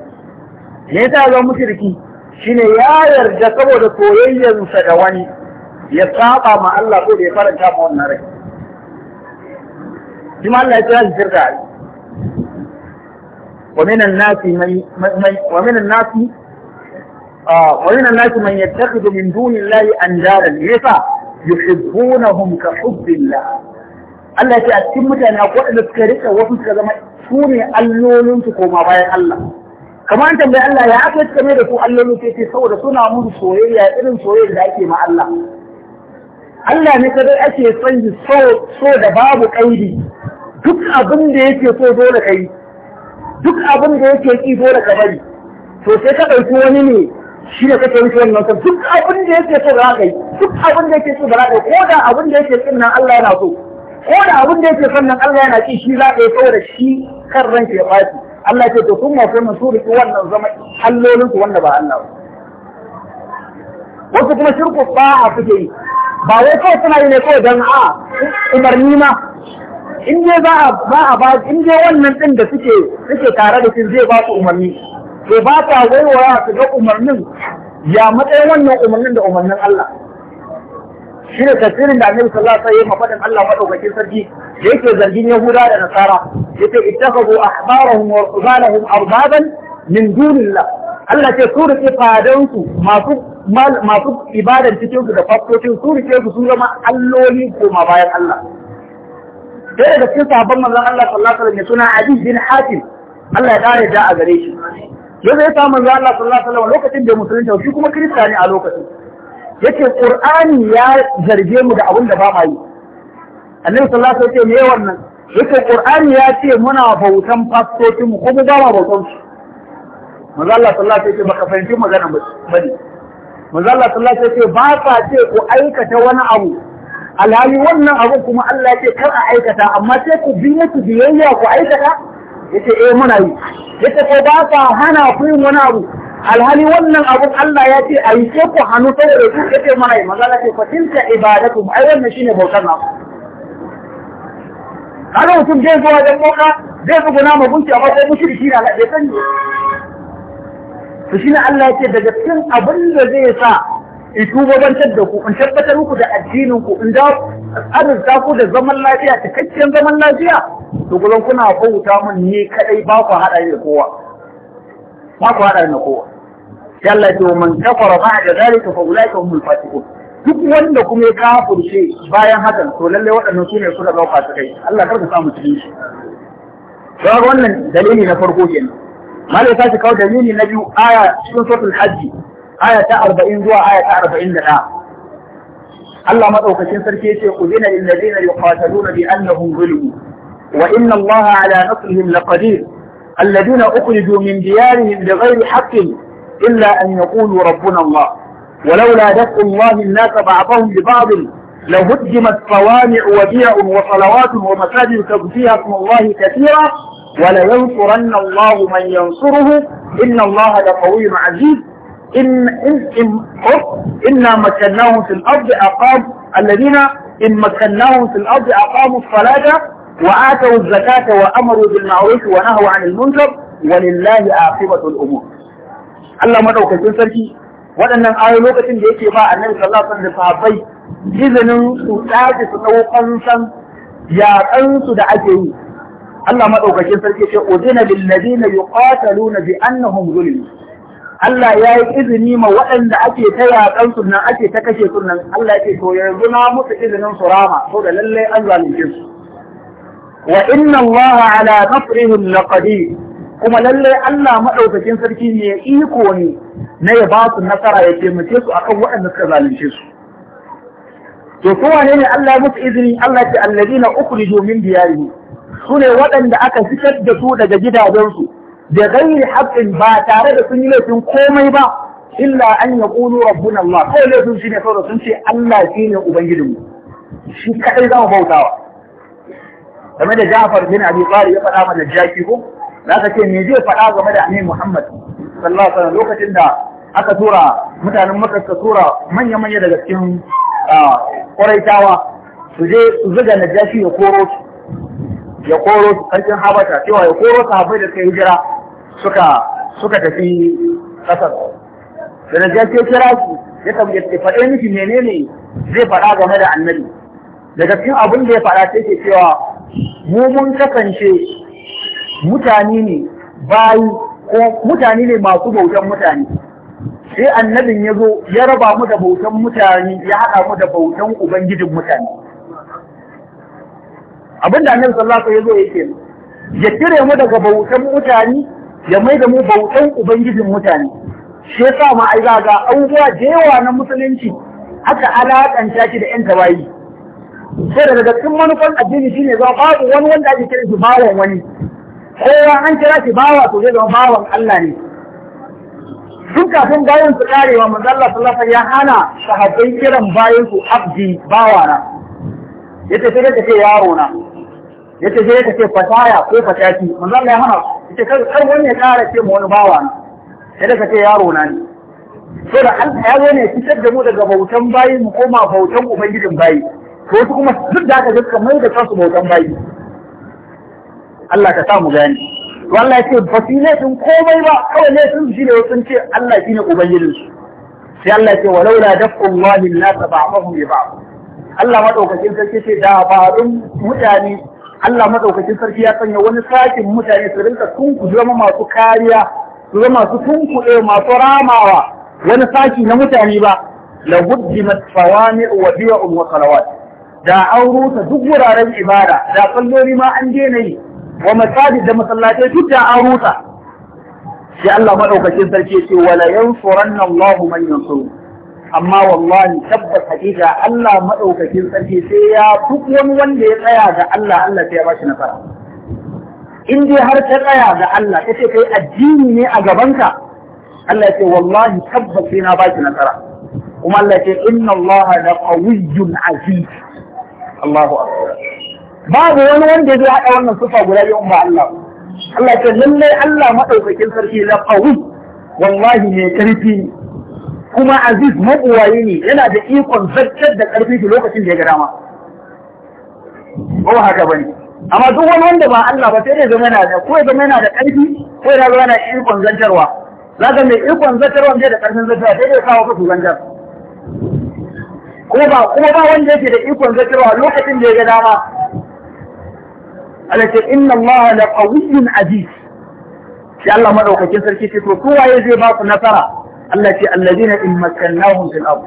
Speaker 1: me ta zama mushirki shine ya yarda saboda soyayyarsa da wani ya saba ma Allah ko da ya faranta ma wannan rai shi ma Allah ya tsaya shirka ومن الناس من, من ومن الناس آه ومن الناس من يتخذ من دون الله أندادا ليسا يحبونهم كحب الله Allah ce a cikin mutane akwai da suka rika wasu suka zama su ne allolin su koma bayan Allah kamar an tambayi Allah ya aka suka da su allolin sai ce saboda suna musu soyayya irin soyayya da ake ma Allah Allah ne kadai ake son so da babu kaidi duk abin da yake so dole kai duk abin da yake ki dole ka bari to sai ka ɗauki wani ne shi ne kake wuce wannan sa duk abin da yake so ba kai duk abin da yake so ba kai ko da abin da yake kin nan Allah yana so ko da abin da yake sannan Allah yana ki shi za ka yi saboda shi kan ranka ya faci Allah ce to kun ma sai mun suriki wannan zama allolin su wanda ba Allah ba wasu kuma shirku ba a suke yi ba wai kawai suna yi ne kawai dan a ah, umarni ma in dai za a ba a ba in dai wannan din da suke suke tare da shi zai ba su umarni to ba ta waiwaya su ga umarnin ya matsayin wannan umarnin da umarnin Allah shi ne tasirin da annabi sallallahu alaihi wasallam faɗin Allah madaukakin sarki da yake zargin Yahuda da Nasara yace ittakhadhu ahbarahum wa rubanahum arbaban min dunillah Allah ce su rike fadansu masu masu ibadan cikin su da fastotin su rike su su zama alloli ko ma bayan Allah ɗaya daga cikin sahabban manzon Allah sallallahu alaihi wasallam ya suna Abi bin Hatim Allah ya kare da a gare shi yanzu ya samu manzon Allah sallallahu alaihi wasallam lokacin da musulunta shi kuma kirista ne a lokacin yace Qur'ani ya zarge mu da abin da ba ma yi Annabi sallallahu alaihi wasallam ya ce me wannan yace Qur'ani ya ce muna bautan fastocin mu ko ba ma bautan su manzo Allah sallallahu alaihi wasallam baka fahimci magana ba ne manzo Allah sallallahu alaihi wasallam ba sa ce ku aikata wani abu alhali wannan abu kuma Allah ya ce kar a aikata amma sai ku bi musu biyayya ku aikata Ya ce, eh muna yi yace ko ba sa hana ku yin wani abu alhali wannan abun Allah ya ce a yi sai ku hannu saboda ku yace muna yi magana ce fatilka ibadatu ai wannan shine bautar na kaga mutum zai zuwa dan boka zai tsuguna ma gunki amma sai mushriki na bai sani to shine Allah ya ce daga cikin abin da zai sa in shugabantar da ku in tabbatar muku da addinin ku in arzuta ku da zaman lafiya cikakken zaman lafiya to kullum kuna bauta mun ni kadai ba ku hada ni da kowa ba ku hada ni da kowa sai Allah ya ce man kafara ba'da zalika fa ulaika humul fasiqun duk wanda kuma ya kafurce bayan hakan to lalle waɗannan su ne suka zauka su kai Allah kar ka samu cikin shi to wannan dalili na farko kenan malai ta kawo dalili na biyu aya cikin suratul hajji آية أربعين arba'in آية أربعين ta الله da ɗaya Allah قذنا للذين يقاتلون بأنهم lil وإن الله على نصرهم لقدير الذين أخرجوا من ديارهم بغير حق إلا أن يقولوا ربنا الله ولولا دفع الله الناس بعضهم ببعض لهدمت صوامع وبيع وصلوات ومساجد تغفيها اسم الله كثيرا ولينصرن الله من ينصره إن الله لقوي عزيز إن إن إن إنا مكناهم في الأرض أقام الذين إن مكناهم في الأرض أقاموا الصلاة وآتوا الزكاة وأمروا بالمعروف ونهوا عن المنكر ولله عاقبة الأمور. الله ما دوك تنسكي ولأن الآية لوكة بيتي باع النبي صلى الله عليه وسلم صحابي إذن سوتاتي سنو قنصا يا أنس دعجي الله ما دوك تنسكي أذن للذين يقاتلون بأنهم ظلموا Allah ya yi izini ma waɗanda ake ta yaƙan sunan ake ta kashe sunan Allah ke to yanzu na musu izinin su rama ko da lalle an zalunce su wa inna Allah ala nasrihim laqadir kuma lalle Allah madaukakin sarki ne iko ne na ya ba su nasara ya taimake su akan waɗanda suka zalunce su to su wane ne Allah ya musu izini Allah ce alladina ukhrijo min diyarihim sune waɗanda aka fitar da su daga gidajensu da gairi haƙƙin ba tare da sun yi laifin komai ba illa an ya ƙulu rabbuna Allah kawai laifin shi ne kawai sun ce Allah shi ne ubangijinmu shi kaɗai za mu bautawa game da Ja'far bin Abi Talib ya faɗa mana jaki ko ka ce me zai faɗa game da amin Muhammad sallallahu alaihi lokacin da aka tura mutanen Makka suka tura manya-manya daga cikin kwaraitawa su je su zuga Najashi ya koro su ya koro su karkin Habasha cewa ya koro sahabbai da suka hijira suka suka tafi kasar da na jace kira su ya tambaye ta faɗe miki menene zai faɗa game da annabi daga cikin abin da ya faɗa sai ke cewa mu mun kasance mutane ne bayi ko mutane ne masu bautan mutane sai annabin ya zo ya raba mu da bautan mutane ya haɗa mu da bautan ubangijin mutane abin da annabi sallallahu alaihi wasallam ya zo ya cire mu daga bautan mutane ya mai da mu bautan ubangijin mutane shi sa ma ai za ga abubuwa da yawa na musulunci aka alaƙanta shi da 'yan tawayi sai daga cikin manufan addini shine zama babu wani wanda ake kira shi bawan wani kowa an kira shi bawa to zai zama bawan Allah ne duk kafin bayan su karewa manzo Allah sallallahu alaihi ya hana sahabbai kiran bayan su abdi bawa na yace sai ka ce yaro na yace sai ka ce fataya ko fataki manzo ya hana su ce kar wani ya ƙara ce mu wani bawa sai daga ce yaro na ne so da an ya zo ne fitar da mu daga bautan bayi mu koma bautan ubangijin bayi to wasu kuma duk da aka zaka mai da kansu bautan bayi Allah ka sa mu gani. to Allah ya ce ba su laifin komai ba kawai laifin shi ne sun ce Allah shine ubangijin su sai Allah ya ce walaula dafullahi lin nas ba'dhum bi ba'd Allah madaukakin sarki ce da ba mutane Allah madaukakin sarki ya sanya wani sakin mutane su rinka tunku zama masu kariya su zama masu tunkuɗe masu ramawa wani saki na mutane ba la huddimat fawami wa bi'un wa salawat da an rusa duk wuraren ibada da salloli ma an daina yi wa masajid da masallatai duk da an rusa sai Allah madaukakin sarki ya ce wala yansuranna Allahu man yansuru amma wallahi tabbas hakika Allah madaukakin sarki sai ya duk wani wanda ya tsaya ga Allah Allah sai ya bashi nasara in dai har ka tsaya ga Allah kace kai addini ne a gabanka Allah ya ce wallahi tabbas sai na bashi nasara kuma Allah ce inna Allah la qawiyyun aziz Allahu akbar babu wani wanda zai hada wannan sufa guda biyu ba Allah Allah ce lallai Allah madaukakin sarki la qawi wallahi ne karfi kuma aziz mabuwayi ne yana da ikon zartar da ƙarfi shi lokacin da ya ga dama ba haka bane amma duk wani wanda ba Allah ba sai dai zama yana da ko ya zama yana da ƙarfi ko ya zama yana ikon zantarwa zaka mai ikon zantarwa bai da ƙarfin zartarwa sai dai kawo kasu zantar kuma ba kuma ba wanda yake da ikon zartarwa lokacin da ya ga dama Allah ce inna Allah la qawiyyun aziz sai Allah madaukakin sarki ce to kowa zai ba ku nasara Allah ce allazina in makkannahum fil ardh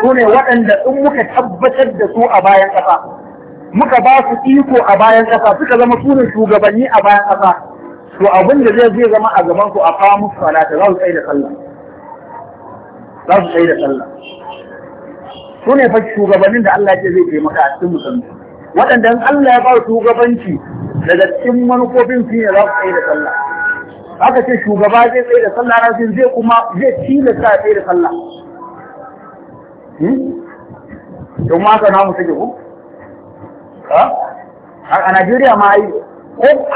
Speaker 1: sune waɗanda in muka tabbatar da su a bayan ƙasa muka ba su iko a bayan ƙasa suka zama sunan shugabanni a bayan ƙasa to abin da zai zai zama a gaban ku a famu musu salata za su tsaye da sallah za su tsaye da sallah su ne fa shugabannin da Allah ce zai taimaka a cikin musulmi waɗanda in Allah ya ba shugabanci daga cikin manufofin su ne za su tsaye da sallah aka ce shugaba zai tsaye da sallah ranar zai kuma zai tilasta sa tsaye da sallah hmm? don ma ka namu take ku a Najeriya ma ai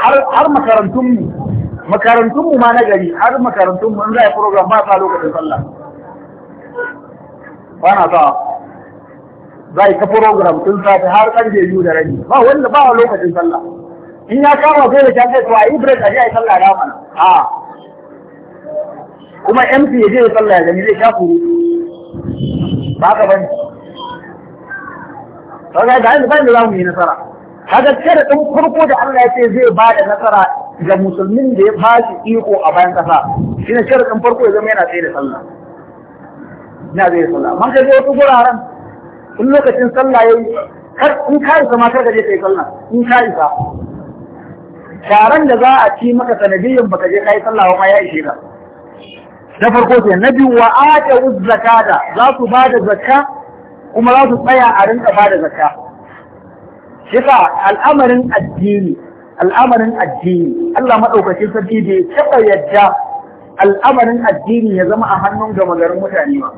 Speaker 1: har makarantunmu makarantunmu ma na gari har makarantunmu in za a program ba sa lokacin sallah ba na sa za a yi ta program tun safe har karfe biyu da rani ba wanda ba lokacin sallah in ya kama dole da ce to a yi break a je a yi sallah da mana a kuma MP ya je ya sallah ya ni zai sha kuru ba ka bane to ga da ba da zamu yi nasara kaga kada dan farko da Allah ya ce zai ba da nasara ga musulmin da ya fashi iko a bayan kasa shine sharadin farko ya zama yana tsaye da sallah ina zai sallah amma kaje wata guraren in lokacin sallah yayi kar in ka isa ma kar ka je kai sallah in ka isa taron da za a ci maka sanadiyyar baka je kai sallah ma ya ishe ka Da farko sai na biyu wa ata da, za su ba da zakka kuma za su tsaya a rinka ba da zakka shi al'amarin addini al'amarin addini Allah madaukakin sarki bai taɓa yadda al'amarin addini ya zama a hannun gama garin mutane ba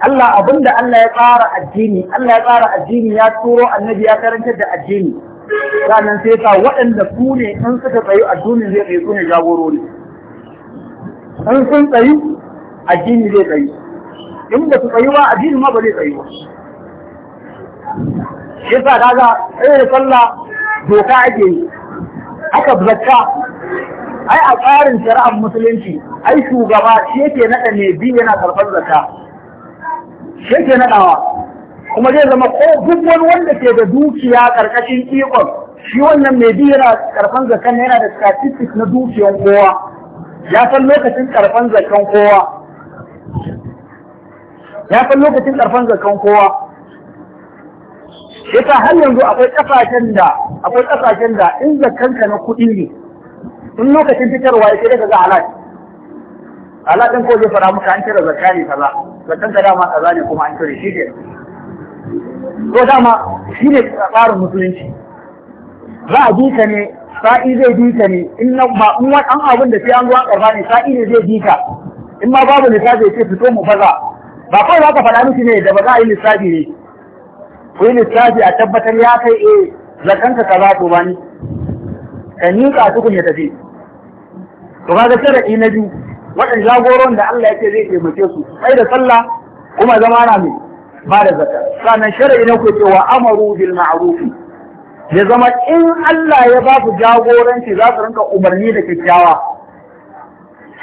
Speaker 1: Allah abinda Allah ya tsara addini Allah ya tsara addini ya turo annabi ya karantar da addini sannan sai ka waɗanda su ne in suka a duniya zai tsayu su ne jagorori in sun tsayu addini zai tsayi, in ba su tsayu ba addini ma ba zai tsayu ba shi sa kaga irin sallah doka ake yi aka zakka ai a tsarin shari'ar musulunci ai shugaba shi yake naɗa ne biyu yana karɓar zakka shi yake naɗawa kuma zai zama ko duk wani wanda ke da dukiya karkashin ikon shi wannan mai bi yana karfan zakan yana da statistics na dukiyan kowa ya san lokacin karfan zakan kowa ya san lokacin karfan zakan kowa yasa har yanzu akwai kasashen da akwai kasashen da in zakanka na kuɗi ne in lokacin fitarwa ya sai daga halal halal ɗin ko zai fara maka an kira zakari kaza zakanka dama kaza ne kuma an kira shi ne. ko dama shi ne tsarin musulunci za a dita ne sa'i zai dita ne in na ba in wani an abin da sai an zuwa karfa ne sa'i ne zai dita. in ma babu lissafi ya ce fito mu faza ba kawai za ka faɗa miki ne da ba za a yi lissafi ne ku yi lissafi a tabbatar ya kai eh zakanka kaza to ba ni ka miƙa tukun ya tafi to ka sharaɗi na biyu waɗanda jagoron da Allah ce zai taimake su sai da sallah kuma zama na mai ba da zakka sannan shar'i na ku cewa amaru bil ma'ruf ya zama in Allah ya ba ku jagoranci za su rinka umarni da kyakkyawa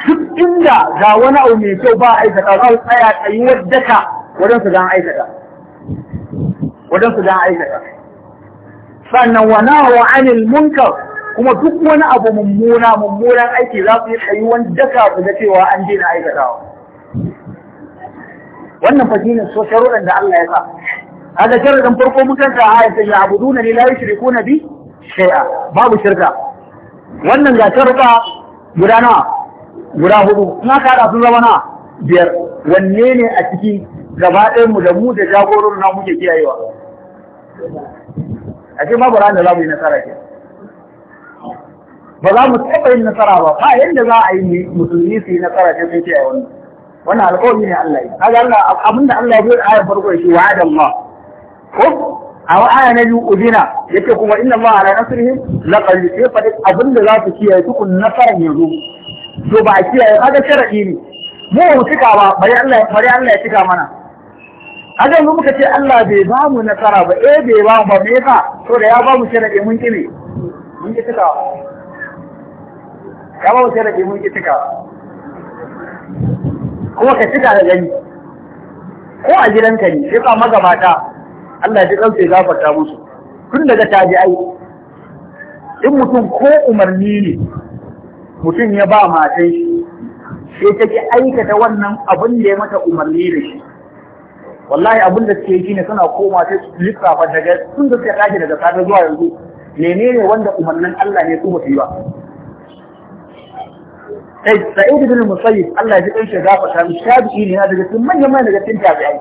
Speaker 1: duk inda ga wani abu mai kyau ba aikata za su tsaya tsayuwar daka wajen su gan aikata wajen su gan aikata sannan wa nahu anil munkar kuma duk wani abu mummuna mummunan aiki za su yi tsayuwar daka su ga cewa an daina aikatawa wannan fa shine so sharuɗan da Allah ya sa haka sharuɗan farko mun kanta a ayatin ya abuduna ne la yushrikuna bi shay'a babu shirka wannan ga sharuɗa guda nawa guda hudu in ka haɗa sun zama nawa biyar wanne ne a ciki gaba ɗayan mu da mu da jagoron na muke kiyayewa a ce babu ranar za mu yi nasara ke ba za mu taɓa yin nasara ba ba yadda za a yi musulmi su yi nasara ke sun kiyaye wannan wannan alƙawari ne Allah ya kaga Allah abinda Allah ya yi ayar farko shi wa'ada ma ko a aya na biyu udina yake kuma inna ma ala nasrihi laqad faɗi abinda za su kiyaye tukun ne zo. to ba a kiyaye kaga sharadi ne mu mu cika ba bari Allah bari Allah ya cika mana kaga mu muka ce Allah bai ba mu nasara ba eh bai ba mu ba me yasa to da ya ba mu sharadi mun kibe mun ki cika ya ba mu sharadi mun ki cika kuma ka cika da gani ko a gidanka ne sai ka magabata Allah ya kansu ya gafarta musu tun daga tabi'ai in mutum ko umarni ne mutum ya ba matan shi sai ta ki aikata wannan abin da ya mata umarni da shi wallahi abin da suke yi ne suna koma ta lissafa daga tun da suka tashi daga safe zuwa yanzu menene wanda umarnin Allah ne su mutu ba Sa'id bin Musayyib Allah ya kai shi gafarta mishi tabi'i ne daga cikin manyan manyan daga cikin tabi'ai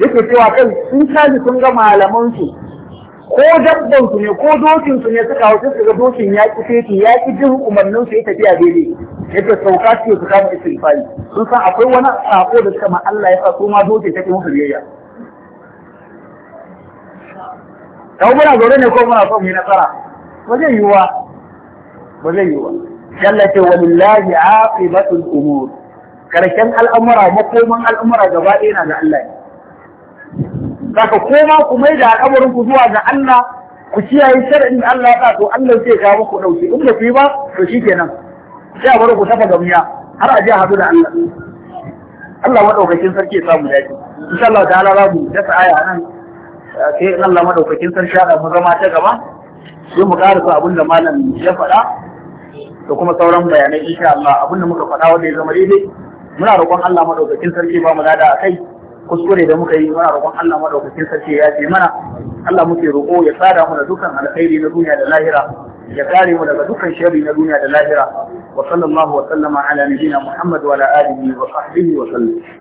Speaker 1: yake cewa kai sun kaji sun ga malaman su ko dabban su ne ko dokin su ne suka hauce su ga dokin ya ki feti ya ki jin umarnin su ya tafiya daidai yake sauka ce su kama istighfari sun san akwai wani sako da suka ma Allah ya sa su ma doke take musu biyayya kawo muna zaune ne ko muna son mu yi nasara ba zai yiwuwa ba zai yiwuwa jalla ce walillahi aqibatul umur karshen al'amura makoman al'amura gaba ɗaya na ga Allah ne saka koma ku mai da al'amarin ku zuwa ga Allah ku kiyaye shar'in da Allah ya sa to Allah zai ga muku dauki in ba ku yi ba to shikenan sai a bar ku tafa gamiya har a je hadu da Allah Allah madaukakin sarki ya samu dace insha Allah ta'ala rabu da aya nan sai Allah madaukakin sarki ya mu zama ta gaba sai mu karasa abin da malam ya faɗa da kuma sauran bayanai insha Allah abinda muka faɗa wanda ya zama daidai muna roƙon Allah madaukakin sarki ba mu lada akai kuskure da muka yi muna roƙon Allah madaukakin sarki ya ce mana Allah muke roƙo ya tsada mu da dukkan alkhairi na duniya da lahira ya kare mu daga dukkan sharri na duniya da lahira wa sallallahu wa sallama ala nabiyyina Muhammad wa ala alihi wa sahbihi
Speaker 2: wa sallam